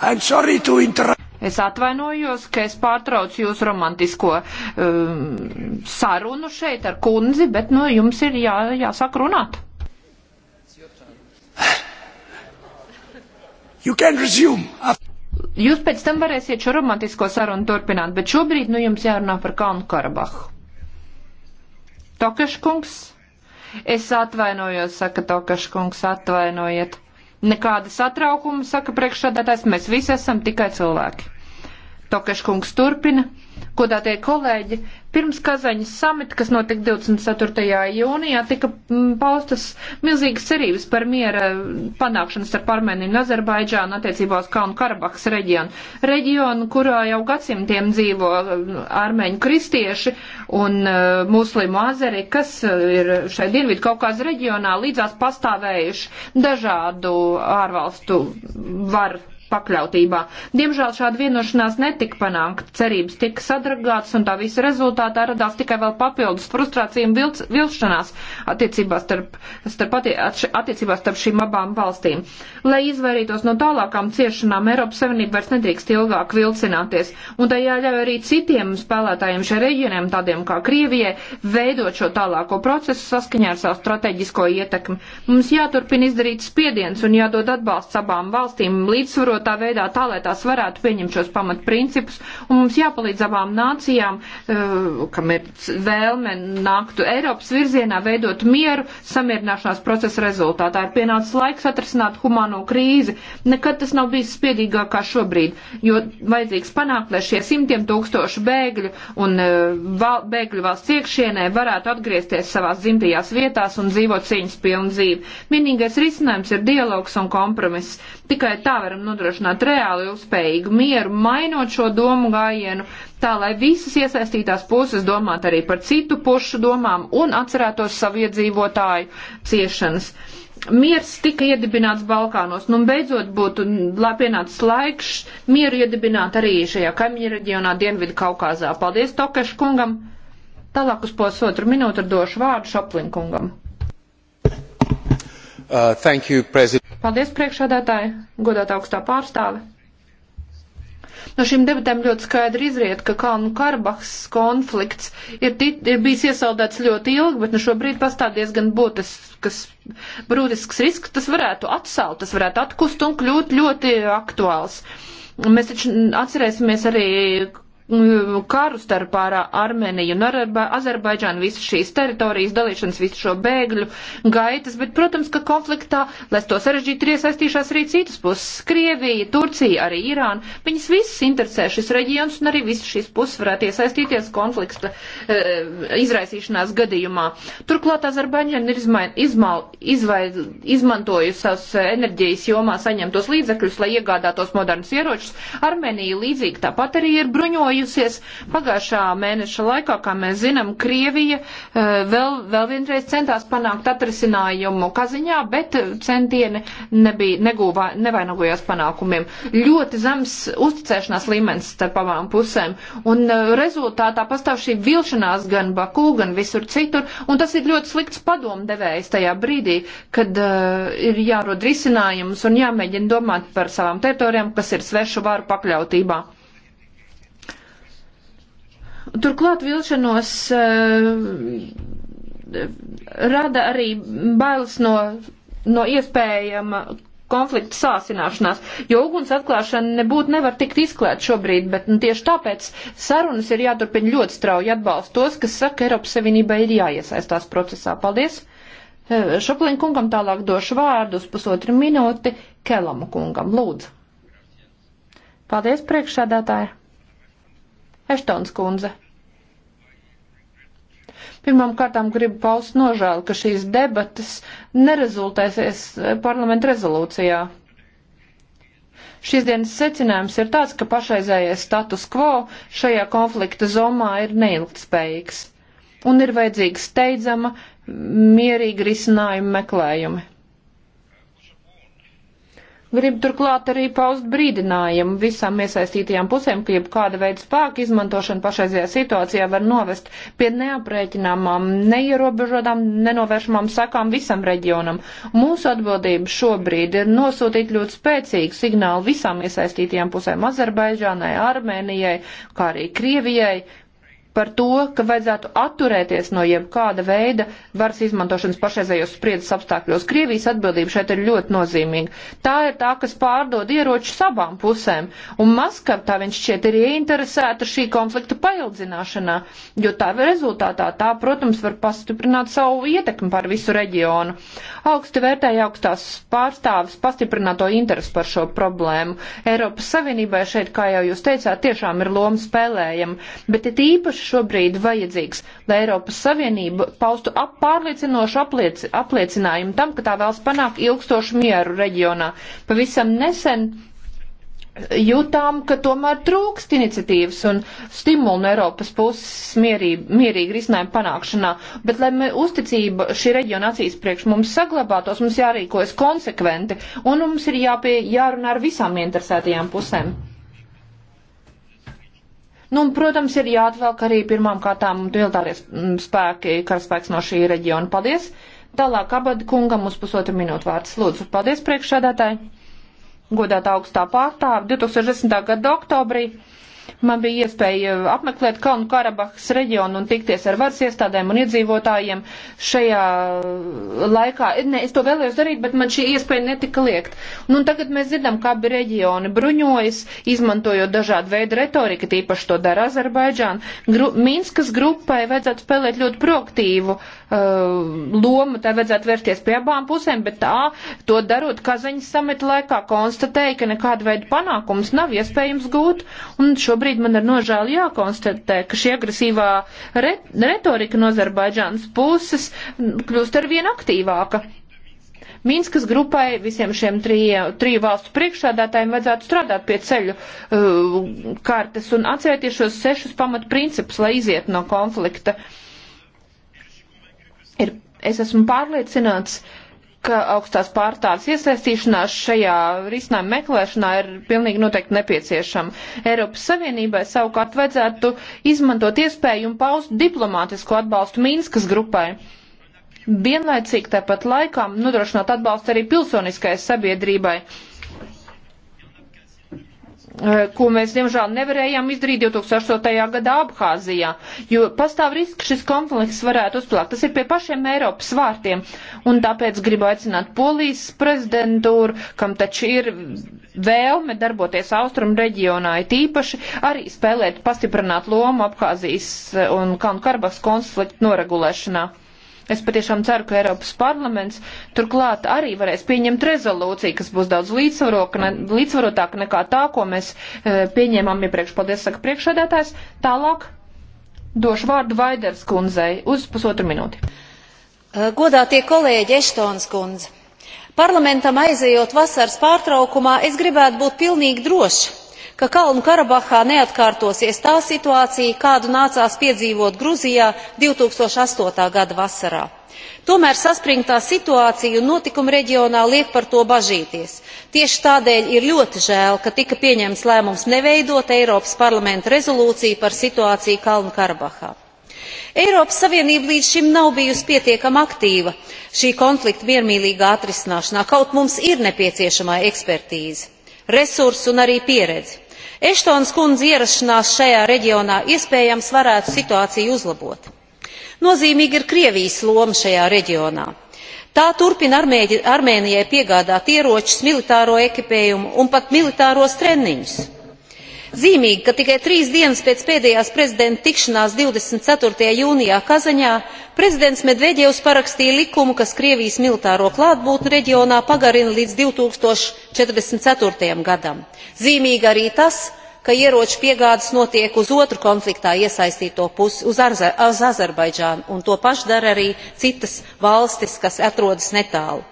Es atvainojos, ka es pārtraucu jūsu romantisko um, sarunu šeit ar kundzi, bet nu, jums ir jā, jāsāk runāt. Jūs pēc tam varēsiet šo romantisko sarunu turpināt, bet šobrīd nu, jums jārunā par Kalnu Karabahu. Tokaškungs, es atvainojos, saka Tokaškungs, atvainojiet. Nekāda satraukuma, saka priekšsādātājs, mēs visi esam tikai cilvēki. Tokeškungs turpina. Godātie kolēģi, pirms Kazaņas samita, kas notika 24. jūnijā, tika paustas milzīgas cerības par miera panākšanas ar Armēniju un Azerbaidžānu attiecībā uz Kalnu Karabahas reģionu. Reģionu, kurā jau gadsimtiem dzīvo armēņu kristieši un uh, muslimu azeri, kas e, ir šai Dienvidu Kaukāza reģionā līdzās pastāvējuši dažādu ārvalstu varu pakļautībā. Diemžēl šāda vienošanās netika panākta, cerības tika sadragātas un tā visa rezultātā radās tikai vēl papildus frustrācija un vilc, vilšanās attiecībās starp, starp, attiecībās starp šīm abām valstīm. Lai izvairītos no tālākām ciešanām, Eiropas Savienība vairs nedrīkst ilgāk vilcināties, un tai jāļauj arī citiem spēlētājiem šajā reģioniem, tādiem kā Krievijai, veidot šo tālāko procesu saskaņā ar savu strateģisko ietekmi. Mums jāturpina izdarīt spiediens un jādod atbalsts abām valstīm līdzsvarot sakārtotā veidā, tā lai tās varētu pieņemt šos pamatprincipus. Un mums jāpalīdz abām nācijām, eh, kam ir vēlme nāktu Eiropas virzienā, veidot mieru samierināšanās procesa rezultātā. Ir pienācis laiks atrasināt humano krīzi. Nekad tas nav bijis spiedīgākā šobrīd, jo vajadzīgs panākt, lai šie simtiem tūkstoši bēgļu un eh, val, bēgļu valsts iekšienē varētu atgriezties savās dzimtajās vietās un dzīvot cīņas pilnu dzīvi. Vienīgais risinājums ir dialogs un kompromiss. Tikai tā varam nodrošināt nodrošināt reāli ilgspējīgu mieru, mainot šo domu gājienu, tā lai visas iesaistītās puses domātu arī par citu pušu domām un atcerētos savu iedzīvotāju ciešanas. Miers tika iedibināts Balkānos, nu beidzot būtu pienācis laiks mieru iedibināt arī šajā kaimiņu reģionā Dienvidu Kaukāzā. Paldies Tokešu kungam! Tālāk uz pusotru minūtu došu vārdu Šaplinkungam. Uh, thank you, President. Paldies, priekšādātāji, godāt augstā pārstāve. No šīm debatēm ļoti skaidri izriet, ka Kalnu Karabahas konflikts ir, tit, ir bijis iesaldēts ļoti ilgi, bet nu šobrīd pastāv diezgan būtisks, brūtisks risks, tas varētu atsalt, tas varētu atkust un kļūt ļoti aktuāls. Mēs taču atcerēsimies arī Mm, karu starp Armēniju un Azerbaidžānu, visas šīs teritorijas dalīšanas, visu šo bēgļu gaitas, bet, protams, ka konfliktā, lai to sarežģītu, ir iesaistījušās arī citas puses - Krievija, Turcija, arī Irāna. Viņas visas interesē šis reģions un arī visas šīs puses varētu iesaistīties konflikta e, izraisīšanās gadījumā. Turklāt Azerbaidžāna ir izmain, izmal, izvaid, izmantojusi savas e, enerģijas jomā saņemtos līdzekļus, lai iegādātos modernus ieročus. Armēnija līdzīgi tāpat arī ir bruņoja izrādījusies. Pagājušā mēneša laikā, kā mēs zinām, Krievija eh, vēl, vēl vienreiz centās panākt atrisinājumu Kaziņā, bet centieni nebija, negūvā, nevainagojās panākumiem. Ļoti zems uzticēšanās līmenis starp abām pusēm, un eh, rezultātā pastāv šī vilšanās gan Bakū, gan visur citur, un tas ir ļoti slikts padomdevējs tajā brīdī, kad uh, ir jārod risinājums un jāmēģina domāt par savām teritorijām, kas ir svešu varu pakļautībā. Turklāt vilšanos eh, rada arī bailes no, no iespējama konflikta sāsināšanās, jo uguns atklāšana nebūtu nevar tikt izklēt šobrīd, bet nu, tieši tāpēc sarunas ir jāturpina ļoti strauji atbalst tos, kas saka, Eiropas Savienībai ir jāiesaistās procesā. Paldies! Eh, Šoplin kungam tālāk došu vārdu uz pusotru minūti Kelamu kungam. Lūdzu! Paldies, priekšsēdētāji! Eštons kundze. Pirmām kārtām gribu paust nožēlu, ka šīs debatas nerezultēsies parlamenta rezolūcijā. Šīs dienas secinājums ir tāds, ka pašreizējais status quo šajā konflikta zomā ir neilgtspējīgs un ir vajadzīga steidzama, mierīga risinājuma meklējumi. Gribu turklāt arī paust brīdinājumu visām iesaistītajām pusēm, ka jebkāda veida spēka izmantošana pašreizajā situācijā var novest pie neaprēķināmām, neierobežotām, nenovēršamām sakām visam reģionam. Mūsu atbildība šobrīd ir nosūtīt ļoti spēcīgu signālu visām iesaistītajām pusēm - Azerbaidžānai, Armēnijai, kā arī Krievijai, par to, ka vajadzētu atturēties no jebkāda veida varas izmantošanas pašreizējos spriedzes apstākļos. Krievijas atbildība šeit ir ļoti nozīmīga. Tā ir tā, kas pārdod ieročus abām pusēm, un Maskava tā viņš šķiet ir ieinteresēta šī konflikta paildzināšanā, jo tā rezultātā tā, protams, var pastiprināt savu ietekmi par visu reģionu. Augsti vērtēja augstās pārstāvis pastiprināto interesi par šo problēmu. Eiropas Savienībai šeit, kā jau jūs teicāt, tiešām ir loma spēlējama, bet ir īpaši ir šobrīd vajadzīgs, lai Eiropas Savienība paustu ap pārliecinošu apliec apliecinājumu tam, ka tā vēlas panākt ilgstošu mieru reģionā. Pavisam nesen jūtām, ka tomēr trūkst iniciatīvas un stimulu no Eiropas puses mierīgi, mierīgi risinājumu panākšanā, bet lai uzticība šī reģiona acīs priekš mums saglabātos, mums jārīkojas konsekventi un mums ir jāpie, jārunā ar visām interesētajām pusēm. Nu, un, protams, ir jāatvelk arī pirmām kārtām militārie spēki, karaspēks no šī reģiona. Paldies! Tālāk abad kungam uz pusotru minūtu vārds. Lūdzu, paldies priekšsēdētāji! Godētā augstā pārstāve 2010. gada oktobrī Man bija iespēja uh, apmeklēt Kalnu Karabahas reģionu un tikties ar varas iestādēm un iedzīvotājiem šajā uh, laikā. Ne, es to vēlējos darīt, bet man šī iespēja netika liekt. Nu, tagad mēs dzirdam, kā abi reģioni bruņojas, izmantojot dažādu veidu retoriku, tīpaši to dara Azerbaidžāna. Gru Minskas grupai vajadzētu spēlēt ļoti proaktīvu uh, lomu, tā vajadzētu vērsties pie abām pusēm, bet tā, to darot Kazaņas samita laikā, konstatēja, ka nekāda veida panākums nav iespējams gūt. Un šo Šobrīd man ir nožēli jākonstatē, ka šī agresīvā re retorika no Azerbaidžānas puses kļūst ar vien aktīvāka. Minskas grupai, visiem šiem triju valstu priekšsādātājiem vajadzētu strādāt pie ceļu uh, kartes un atcerēties šos sešus pamat principus, lai iziet no konflikta. Ir, es esmu pārliecināts, uh, ka augstās pārstāvis iesaistīšanās šajā risinājuma meklēšanā ir pilnīgi noteikti nepieciešama. Eiropas Savienībai savukārt vajadzētu izmantot iespēju un paust diplomātisku atbalstu Mīnskas grupai. Vienlaicīgi tāpat laikām nodrošināt atbalstu arī pilsoniskai sabiedrībai Eh, ko mēs, diemžēl, nevarējām izdarīt 2008. gadā Abhāzijā, jo pastāv risks, ka šis konflikts varētu uzplākt. Tas ir pie pašiem Eiropas vārtiem, un tāpēc gribu aicināt Polijas prezidentūru, kam taču ir vēlme darboties austrumu reģionā, it īpaši arī spēlēt pastiprināt lomu Abhāzijas un Kalnu Karabahas konfliktu noregulēšanā. Es patiešām ceru, ka Eiropas parlaments turklāt arī varēs pieņemt rezolūciju, kas būs daudz ne, līdzsvarotāka nekā tā, ko mēs e, pieņēmām iepriekš. Paldies, saka priekšsēdētājs. Tālāk došu vārdu Vaiders kundzei uz pusotru minūti. E, Godā tie kolēģi Eštons kundze. Parlamentam aizejot vasaras pārtraukumā, es gribētu būt pilnīgi droši, ka kalnu karabahā neatkārtosies tā situācija kādu nācās piedzīvot gruzijā 2008. gada vasarā. Tomēr saspringtā situācija un notikumi reģionā liek par to bažīties. Tieši tādēļ ir ļoti žēl, ka tika pieņemts lēmums neveidot Eiropas parlamenta rezolūciju par situāciju Kalnu Karabahā. Eiropas Savienība līdz šim nav bijusi pietiekama aktīva šī konflikta miermīlīgā atrisināšanā, kaut mums ir nepieciešamā ekspertīze, resursi un arī pieredze. Eštons kundze ierašanās šajā reģionā iespējams varētu situāciju uzlabot. Nozīmīgi ir Krievijas loma šajā reģionā. Tā turpina Armēģi, Armēnijai piegādāt ieročus, militāro ekipējumu un pat militāros treniņus zīmīgi ka tikai trīs dienas pēc pēdējās prezidenta tikšanās divdesmit ceturtajā jūnijā kazaņā prezidents medvedjevs parakstīja likumu kas krievijas militāro klātbūtni reģionā pagarina līdz. two thousand and forty four gadam zīmīgi arī tas ka ieroču piegādes notiek uz otru konfliktā iesaistīto pusi uz azerbaidžānu un to pašu dara arī citas valstis kas atrodas netālu.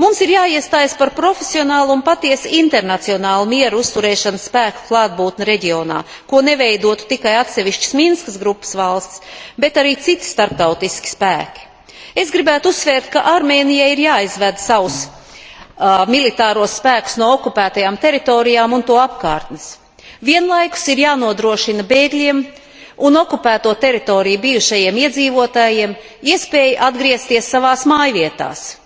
mums ir jāiestājas par profesionālu un patiesi internacionālu miera uzturēšanas spēku klātbūtni reģionā ko neveidotu tikai atsevišķas minskas grupas valstis bet arī citi starptautiski spēki. es gribētu uzsvērt ka armēnijai ir jāizved savus militāros spēkus no okupētajām teritorijām un to apkārtnes vienlaikus ir jānodrošina bēgļiem un okupēto teritoriju bijušajiem iedzīvotājiem iespēja atgriezties savās mājvietās.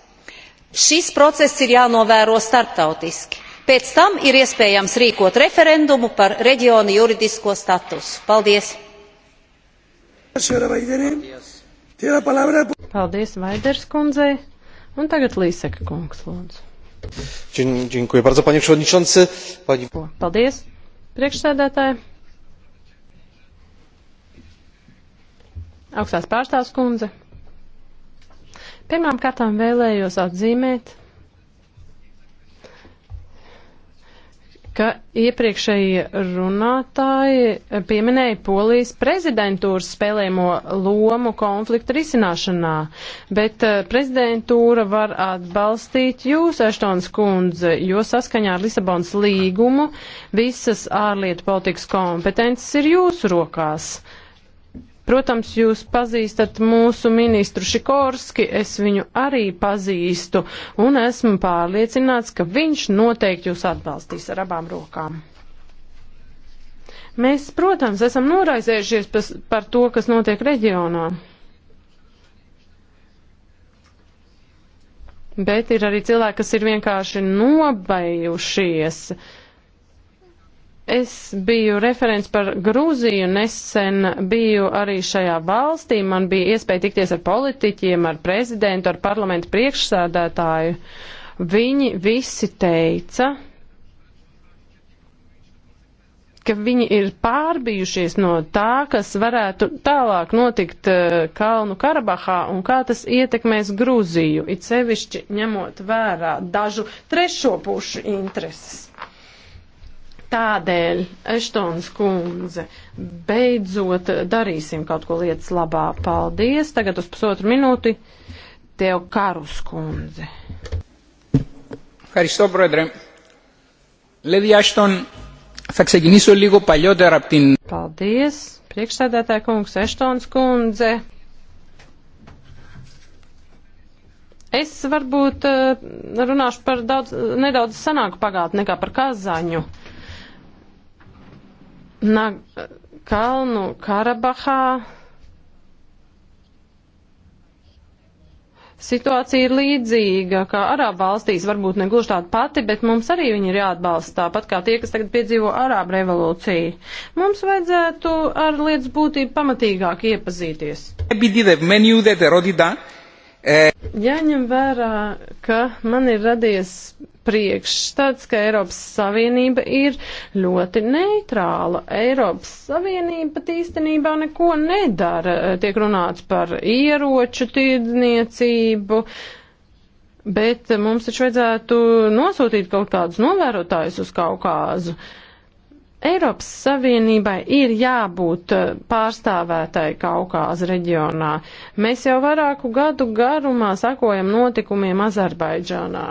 šis process ir jānovēro starptautiski. pēc tam ir iespējams rīkot referendumu par reģiona juridisko statusu. paldies! Paldies Vaiders kundzei un tagad Līseka kungs lūdzu. Dziękuję bardzo panie przewodniczący. Pani... Paldies. Priekšsēdētāji, augstās pārstāvs kundze, pirmām kārtām vēlējos atzīmēt, ka iepriekšējie runātāji pieminēja polijas prezidentūras spēlēmo lomu konflikta risināšanā, bet eh, prezidentūra var atbalstīt jūs, Eštons kundze, jo saskaņā ar Lisabonas līgumu visas ārlietu politikas kompetences ir jūsu rokās. Uh, Protams, jūs pazīstat mūsu ministru Šikorski, es viņu arī pazīstu, un esmu pārliecināts, ka viņš noteikti jūs atbalstīs ar abām rokām. Mēs, protams, esam noraizējušies pas, par to, kas notiek reģionā. Bet ir arī cilvēki, kas ir vienkārši nobajušies. Uh, Es biju referents par Grūziju, nesen biju arī šajā valstī. Man bija iespēja tikties ar politiķiem, ar prezidentu, ar parlamentu priekšsādātāju. Viņi visi teica, ka viņi ir pārbijušies no tā, kas varētu tālāk notikt eh, Kalnu Karabahā un kā tas ietekmēs Grūziju, it sevišķi ņemot vērā dažu trešo pušu intereses. Tādēļ, Eštons kundze, beidzot darīsim kaut ko lietas labā. Paldies. Tagad uz pusotru minūti tev karus kundze. Ευχαριστώ, Πρόεδρε. Λέδι Άστον, θα ξεκινήσω λίγο παλιότερα από την... Paldies, priekšsēdētāja kungs, Eštons kundze. Es varbūt eh, runāšu par daudz, nedaudz sanāku pagātni nekā par Kazaņu. Uh, Nag Kalnu Karabahā situācija ir līdzīga, kā Arābu valstīs, varbūt ne gluži tāda pati, bet mums arī viņi ir jāatbalsta tāpat kā tie, kas tagad piedzīvo Arābu revolūciju. Mums vajadzētu ar lietas būtību pamatīgāk iepazīties. Jāņem vērā, ka man ir radies priekšstats, ka Eiropas Savienība ir ļoti neitrāla. Eiropas Savienība pat īstenībā neko nedara. Tiek runāts par ieroču tirdzniecību. Bet mums taču vajadzētu nosūtīt kaut kādus novērotājus uz Kaukāzu. Eiropas Savienībai ir jābūt eh, pārstāvētai Kaukāza reģionā. Mēs jau vairāku gadu garumā sakojam notikumiem Azerbaidžānā.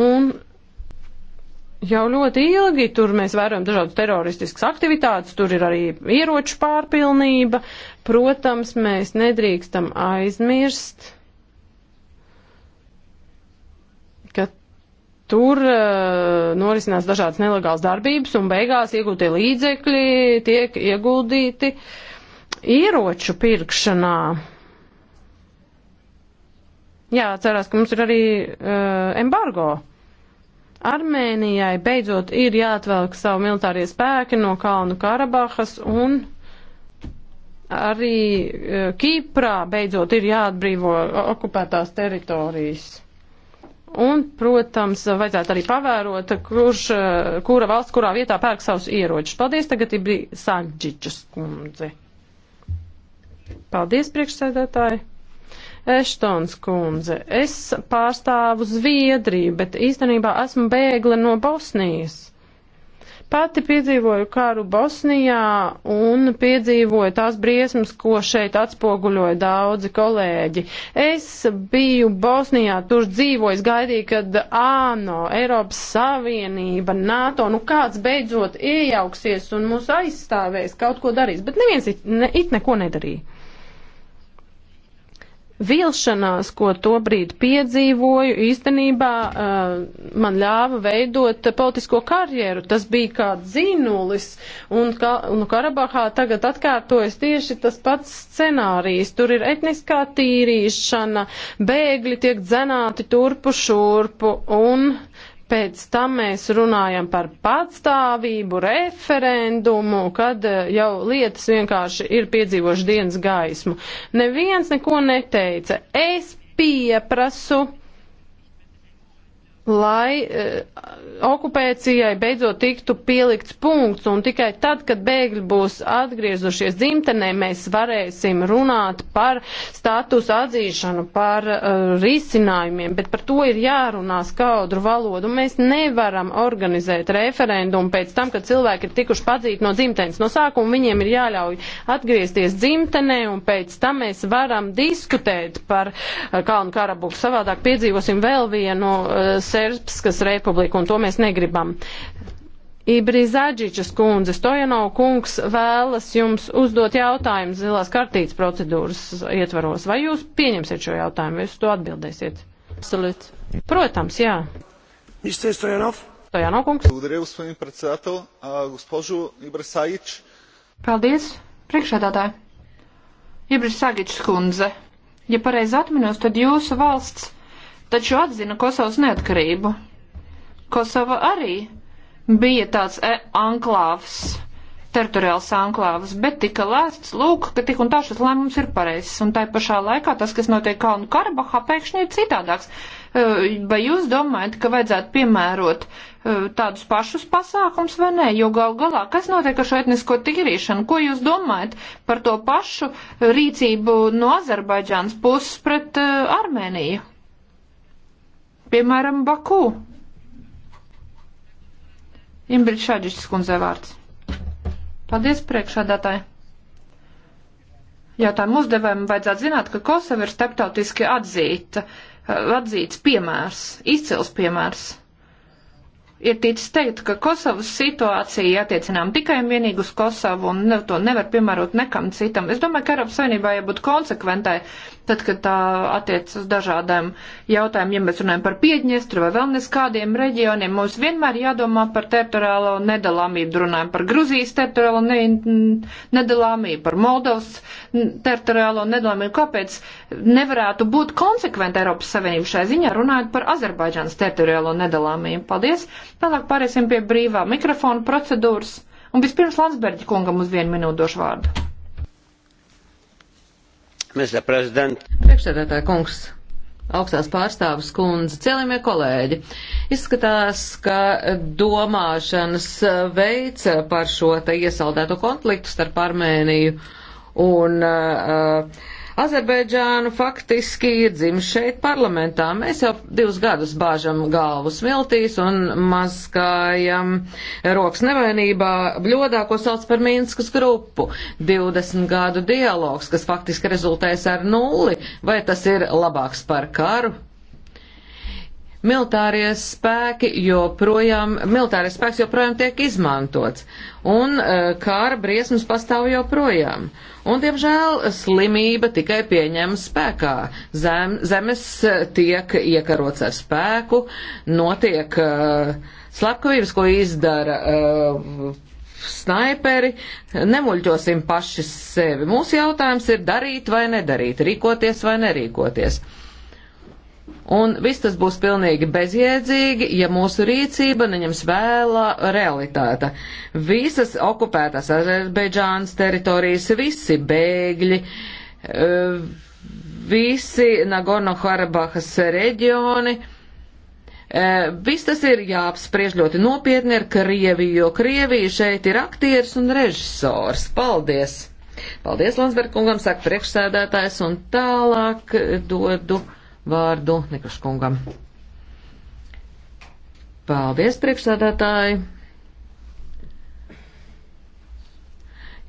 Un jau ļoti ilgi tur mēs vērojam dažādas teroristiskas aktivitātes, tur ir arī ieroču pārpilnība. Protams, mēs nedrīkstam aizmirst, ka tur uh, norisinās dažādas nelegālas darbības un beigās iegūtie līdzekļi tiek ieguldīti ieroču pirkšanā. Jā, cerās, ka mums ir arī uh, embargo. Armēnijai beidzot ir jāatvelk savu militārie spēki no Kalnu Karabahas un arī e, Kīprā beidzot ir jāatbrīvo okupētās teritorijas. Un, protams, vajadzētu arī pavērot, kurš, e, kura valsts, kurā vietā pērk savus ieročus. Paldies, tagad ir Sanģičas kundze. Paldies, priekšsēdētāji! Eštons kundze, es pārstāvu Zviedriju, bet īstenībā esmu bēgle no Bosnijas. Pati piedzīvoju karu Bosnijā un piedzīvoju tās briesmas, ko šeit atspoguļoja daudzi kolēģi. Es biju Bosnijā, tur dzīvoju, gaidīju, kad ANO, Eiropas Savienība, NATO, nu kāds beidzot iejauksies un mūs aizstāvēs, kaut ko darīs, bet neviens it, ne, it neko nedarīja vilšanās, ko tobrīd piedzīvoju, īstenībā uh, man ļāva veidot politisko karjeru. Tas bija kā dzinulis, un ka, nu, Karabahā tagad atkārtojas tieši tas pats scenārijs. Tur ir etniskā tīrīšana, bēgļi tiek dzenāti turpu šurpu, un pēc tam mēs runājam par patstāvību, referendumu, kad eh, jau lietas vienkārši ir piedzīvojuši dienas gaismu. Neviens neko neteica. Es pieprasu lai e, okupācijai beidzot tiktu pielikts punkts, un tikai tad, kad bēgļi būs atgriezušies dzimtenē, mēs varēsim runāt par statusu atzīšanu, par e, risinājumiem, bet par to ir jārunā skaudru valodu. Mēs nevaram organizēt referendumu pēc tam, kad cilvēki ir tikuši padzīti no dzimtenes. No sākuma viņiem ir jāļauj atgriezties dzimtenē, un pēc tam mēs varam diskutēt par e, Kalnu Karabuku. Savādāk piedzīvosim vēl vienu e, Serbskas republiku, un to mēs negribam. Ibrizaģičas kundze, Stojanov kungs vēlas jums uzdot jautājumu zilās kartītes procedūras ietvaros. Vai jūs pieņemsiet šo jautājumu, vai jūs to atbildēsiet? Absolūti. Protams, jā. Mr. Stojanov. Stojanov kungs. Благодаря, господин председател. Госпожо Ибрисагич. Paldies, priekšādātāji. Ibrisagičs kundze, ja pareizi atminos, tad jūsu valsts taču atzina Kosovas neatkarību. Kosova arī bija tāds e anklāvs, teritoriāls anklāvs, bet tika lēsts, lūk, ka tik un tā šis lēmums ir pareizs. Un tai pašā laikā tas, kas notiek Kalnu Karabahā, pēkšņi ir citādāks. E, vai jūs domājat, ka vajadzētu piemērot e, tādus pašus pasākums vai nē, jo gal galā, kas notiek ar šo etnisko tīrīšanu, ko jūs domājat par to pašu rīcību no Azerbaidžānas puses pret uh, Armēniju? Piemēram, Baku. Imbrīt Šaģišs kundzē vārds. Paldies priekšādātāji. Jautājumu uzdevējiem vajadzētu zināt, ka Kosova ir starptautiski atzīta, atzīts piemērs, izcils piemērs ir ticis teikt, ka Kosovas situācija attiecinām tikai un vienīgi uz Kosovu un ne, to nevar piemērot nekam citam. Es domāju, ka Eiropas Savienībā jābūt konsekventai tad, kad tā attiec uz dažādām jautājumiem, ja mēs runājam par Piedņestru vai vēl neskādiem reģioniem, mums vienmēr jādomā par teritoriālo nedalāmību, runājam par Gruzijas teritoriālo ne, nedalāmību, par Moldovas teritoriālo nedalāmību. Kāpēc nevarētu būt konsekventi Eiropas Savienība šai ziņā runājot par Azerbaidžānas teritoriālo nedalāmību? Paldies! Tālāk pāriesim pie brīvā mikrofona procedūras. Un vispirms Landsbergi kungam uz vienu minūtu došu vārdu. Priekšsēdētāja kungs, augstās pārstāvis kundze, cienījamie kolēģi, izskatās, ka domāšanas veids par šo te iesaldēto konfliktu starp Armēniju un uh, Azerbaidžānu faktiski ir dzimis šeit parlamentā. Mēs jau divus gadus bāžam galvu smiltīs un maskājam rokas nevainībā bļodā, ko sauc par Minskas grupu. 20 gadu dialogs, kas faktiski rezultēs ar nulli. Vai tas ir labāks par karu? militārie spēki joprojām, militārais spēks joprojām tiek izmantots, un uh, eh, kāra briesmas pastāv joprojām. Un, diemžēl, slimība tikai pieņem spēkā. Zem, zemes eh, tiek iekarots ar spēku, notiek uh, slepkavības, ko izdara. Uh, Snaiperi, nemuļķosim paši sevi. Mūsu jautājums ir darīt vai nedarīt, rīkoties vai nerīkoties. Uh, Un viss tas būs pilnīgi bezjēdzīgi, ja mūsu rīcība neņems vēlā realitāte. Visas okupētās Azerbaidžānas teritorijas, visi bēgļi, eh, visi Nagorno-Karabahas reģioni, eh, viss tas ir jāapspriež ļoti nopietni ar Krieviju, jo Krievija šeit ir aktieris un režisors. Paldies! Paldies Landsbergkungam, saka priekšsēdētājs, un tālāk dodu vārdu Nikraškungam. Paldies, priekšsādātāji!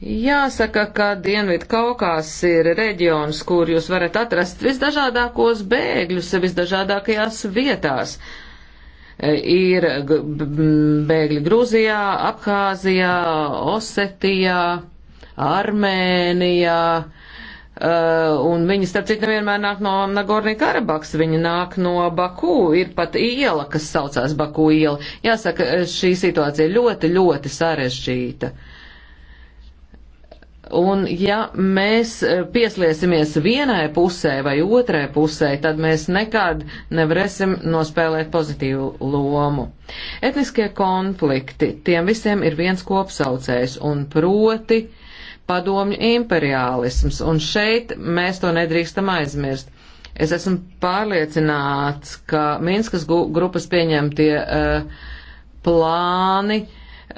Jāsaka, ka Dienvidu Kaukās ir reģions, kur jūs varat atrast visdažādākos bēgļus, visdažādākajās vietās. Ir bēgļi Grūzijā, Abhāzijā, Osetijā, Armēnijā, Uh, un viņi, starp citu, nevienmēr nāk no Nagorni Karabaks, viņi nāk no Baku, ir pat iela, kas saucās Baku iela. Jāsaka, šī situācija ļoti, ļoti sarežģīta. Un ja mēs piesliesimies vienai pusē vai otrai pusē, tad mēs nekad nevarēsim nospēlēt pozitīvu lomu. Etniskie konflikti, tiem visiem ir viens kopsaucējs, un proti uh, padomju imperiālisms, un šeit mēs to nedrīkstam aizmirst. Es esmu pārliecināts, ka Minskas grupas pieņemtie uh, plāni uh,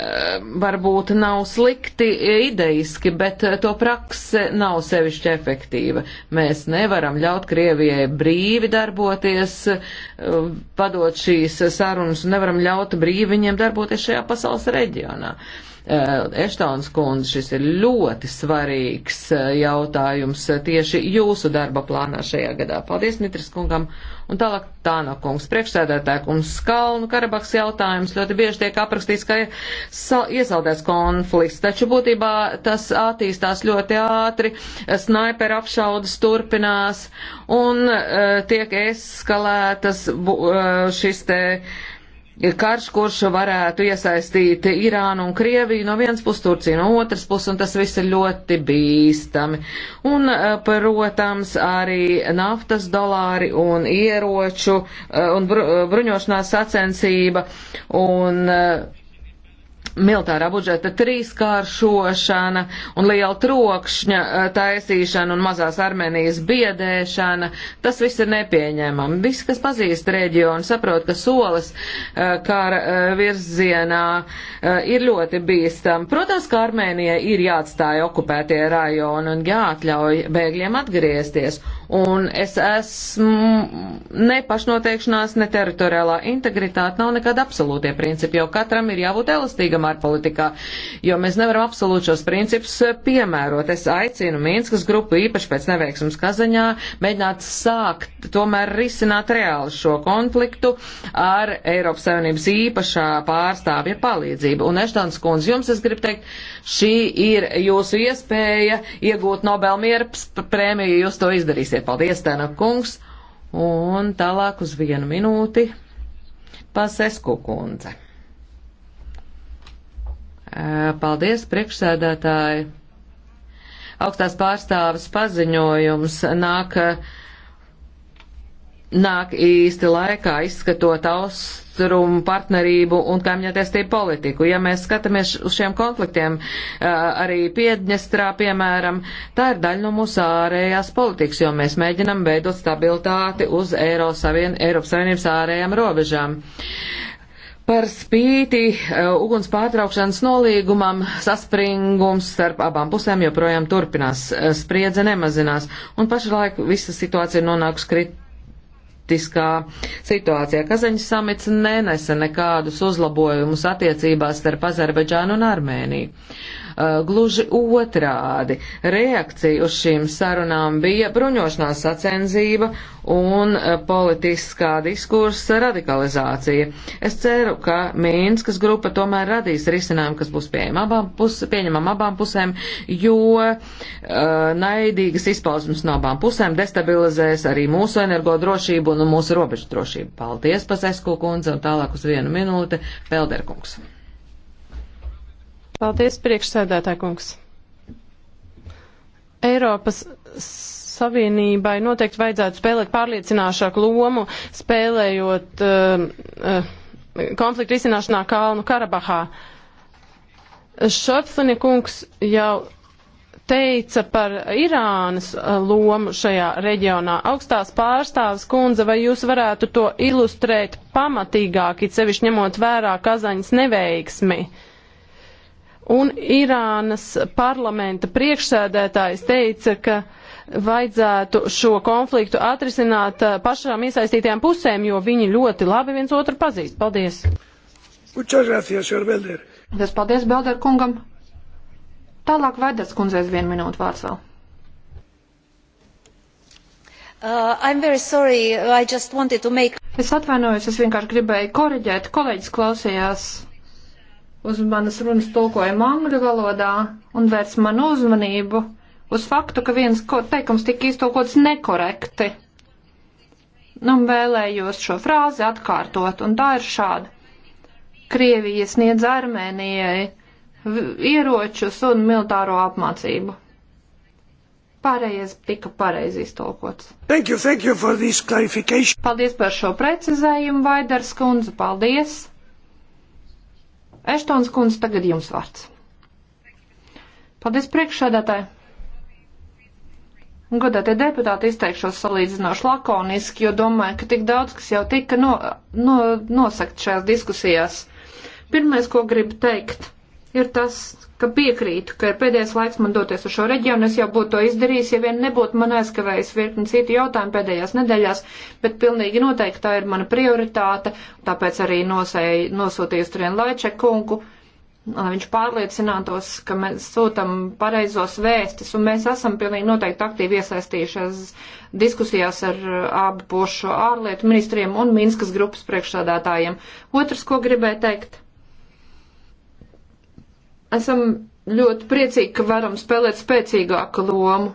varbūt nav slikti ideiski, bet uh, to prakse nav sevišķi efektīva. Mēs nevaram ļaut Krievijai brīvi darboties, uh, padot šīs sarunas, un nevaram ļaut brīvi viņiem darboties šajā pasaules reģionā. Uh, Eh, Eštons kundze, šis ir ļoti svarīgs eh, jautājums eh, tieši jūsu darba plānā šajā gadā. Paldies Mitras kungam un tālāk Tāna kungs. Priekšsēdētāja kungs Skalnu Karabaks jautājums ļoti bieži tiek aprakstīts, ka iesaldēts konflikts, taču būtībā tas attīstās ļoti ātri, snaiperu apšaudas turpinās un uh, tiek eskalētas uh, šis te. Uh, karš, kurš varētu iesaistīt Irānu un Krieviju no vienas puses, Turciju no otras puses, un tas viss ir ļoti bīstami. Un, eh, protams, arī naftas dolāri un ieroču eh, un bruņošanās sacensība un eh, militārā budžeta trīskāršošana un liela trokšņa eh, taisīšana un mazās Armēnijas biedēšana, tas viss ir nepieņēmami. Visi, kas pazīst reģionu, saprot, ka solis eh, kara eh, virzienā ir ļoti bīstam. Protams, ka Armēnijai ir jāatstāja okupētie rajoni un jāatļauj bēgļiem atgriezties. Un es esmu ne pašnoteikšanās, ne teritoriālā integritāte nav nekāda absolūtie principi, jo katram ir jābūt elastīgam ārpolitikā, jo mēs nevaram absolūti šos principus piemērot. Es aicinu Minskas grupu īpaši pēc neveiksmas Kazaņā mēģināt sākt tomēr risināt reāli šo konfliktu ar Eiropas Savienības īpašā pārstāvja palīdzību. Un Eštons kundze, jums es gribu teikt, šī ir jūsu iespēja iegūt Nobel miera prēmiju, jūs to izdarīsiet komiteju. Paldies, Tēna kungs! Un tālāk uz vienu minūti Pasesku kundze. Paldies, priekšsēdētāji! Augstās pārstāvis paziņojums nāk nāk īsti laikā, izskatot austrumu partnerību un kaimiņatiestību politiku. Ja mēs skatāmies uz šiem konfliktiem, arī Piedņestrā, piemēram, tā ir daļa no mūsu ārējās politikas, jo mēs mēģinam veidot stabilitāti uz Eiropas Savienības ārējām robežām. Par spīti uh, uguns pārtraukšanas nolīgumam saspringums starp abām pusēm joprojām turpinās, spriedze nemazinās, un pašlaik visa situācija nonāks krit politiskā situācijā. Kazaņas samits nenesa nekādus uzlabojumus attiecībās starp Azerbaidžānu un Armēniju. Eh, gluži otrādi. Reakcija uz šīm sarunām bija bruņošanās sacenzība un eh, politiskā diskursa radikalizācija. Es ceru, ka Mīnskas grupa tomēr radīs risinājumu, kas būs abām puse, pieņemam abām pusēm, jo uh, naidīgas izpausmes no abām pusēm destabilizēs arī mūsu energodrošību un mūsu robežu drošību. Paldies, Pasesku kundze, un tālāk uz vienu minūti, Pelderkungs. Paldies, priekšsēdētāj kungs. Eiropas Savienībai noteikti vajadzētu spēlēt pārliecināšāku lomu, spēlējot uh, uh, konfliktu risināšanā Kalnu Karabahā. Šopfani kungs jau teica par Irānas eh, lomu šajā reģionā. Augstās pārstāvis kundze, vai jūs varētu to ilustrēt pamatīgāk, it sevišķi ņemot vērā Kazaņas neveiksmi? Uh, Un Irānas parlamenta priekšsēdētājs teica, ka vajadzētu šo konfliktu atrisināt uh, pašām iesaistītajām pusēm, jo viņi ļoti labi viens otru pazīst. Paldies! Paldies, paldies Belder kungam! Tālāk Vaidas kundzēs vienu minūtu vārds vēl. Uh, sorry, make... Es atvainojos, es vienkārši gribēju koriģēt. Kolēģis klausījās uz manas runas tulkojumu angļu valodā un vērs manu uzmanību uz faktu, ka viens teikums tika iztulkots nekorekti. Nu, vēlējos šo frāzi atkārtot, un tā ir šāda. Krievija sniedz Armēnijai ieročus un militāro apmācību. Pārējais tika pareizi iztolkots. Thank you, thank you for this clarification. Paldies par šo precizējumu, Vaidars Kundze, paldies! Eštons kundze, tagad jums vārds. Paldies priekšsēdētāji. Godātie deputāti izteikšos salīdzinoši lakoniski, jo domāju, ka tik daudz, kas jau tika no, no, nosakt šajās diskusijās. Pirmais, ko gribu teikt ir tas, ka piekrītu, ka ir pēdējais laiks man doties uz šo reģionu. Es jau būtu to izdarījis, ja vien nebūtu man aizkavējis virkni citu jautājumu pēdējās nedēļās, bet pilnīgi noteikti tā ir mana prioritāte, tāpēc arī nosēju, nosūtīju turien Laičekungu, lai viņš pārliecinātos, ka mēs sūtam pareizos vēstis, un mēs esam pilnīgi noteikti aktīvi iesaistījušies diskusijās ar uh, abu pošu ārlietu ministriem un Minskas grupas priekšsādātājiem. Otrs, ko gribēju teikt esam ļoti priecīgi, ka varam spēlēt spēcīgāku lomu.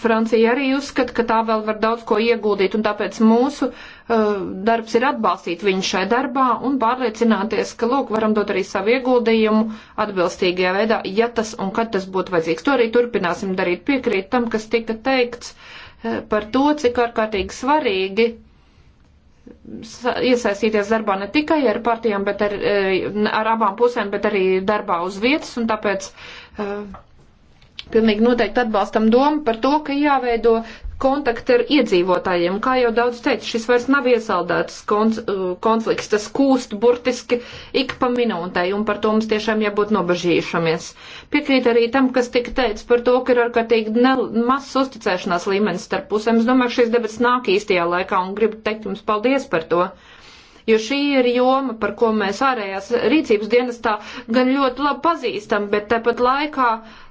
Francija arī uzskata, ka tā vēl var daudz ko ieguldīt, un tāpēc mūsu uh, darbs ir atbalstīt viņu šai darbā un pārliecināties, ka, lūk, varam dot arī savu ieguldījumu atbilstīgajā veidā, ja tas un kad tas būtu vajadzīgs. To arī turpināsim darīt piekrīt tam, kas tika teikts uh, par to, cik ārkārtīgi svarīgi iesaistīties darbā ne tikai ar partijām, bet ar, e, ar abām pusēm, bet arī darbā uz vietas, un tāpēc uh, pilnīgi noteikti atbalstam domu par to, ka jāveido kontakti ar iedzīvotājiem. Kā jau daudz teica, šis vairs nav iesaldēts uh, konflikts, tas kūst burtiski ik pa minūtei, un par to mums tiešām jābūt nobežījušamies. Piekrīt arī tam, kas tika teicis par to, ka ir ārkārtīgi mazs uzticēšanās līmenis starp pusēm. Es domāju, ka šīs debats nāk īstajā laikā, un gribu teikt jums paldies par to. Jo šī ir joma, par ko mēs ārējās rīcības dienestā gan ļoti labi pazīstam, bet tāpat laikā uh,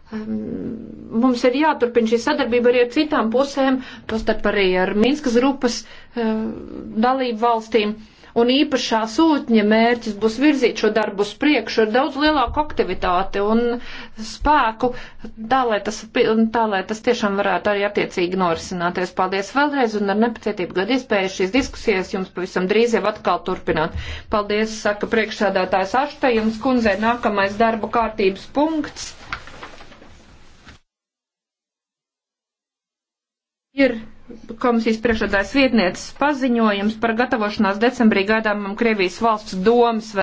mums ir jāturpina šī sadarbība arī ar citām pusēm, tostarp arī ar Minskas grupas e, dalību valstīm. Un īpašā sūtņa mērķis būs virzīt šo darbu uz priekšu ar daudz lielāku aktivitāti un spēku, tā lai tas, tā, lai tas tiešām varētu arī attiecīgi norisināties. Paldies vēlreiz un ar nepacietību gadu iespēju šīs diskusijas jums pavisam drīz jau atkal turpināt. Paldies, saka priekšsēdētājs Aštajums kundzei, nākamais darbu kārtības punkts Ir komisijas priekšsēdājas vietnieces paziņojums par gatavošanās decembrī gaidāmam Krievijas valsts domas.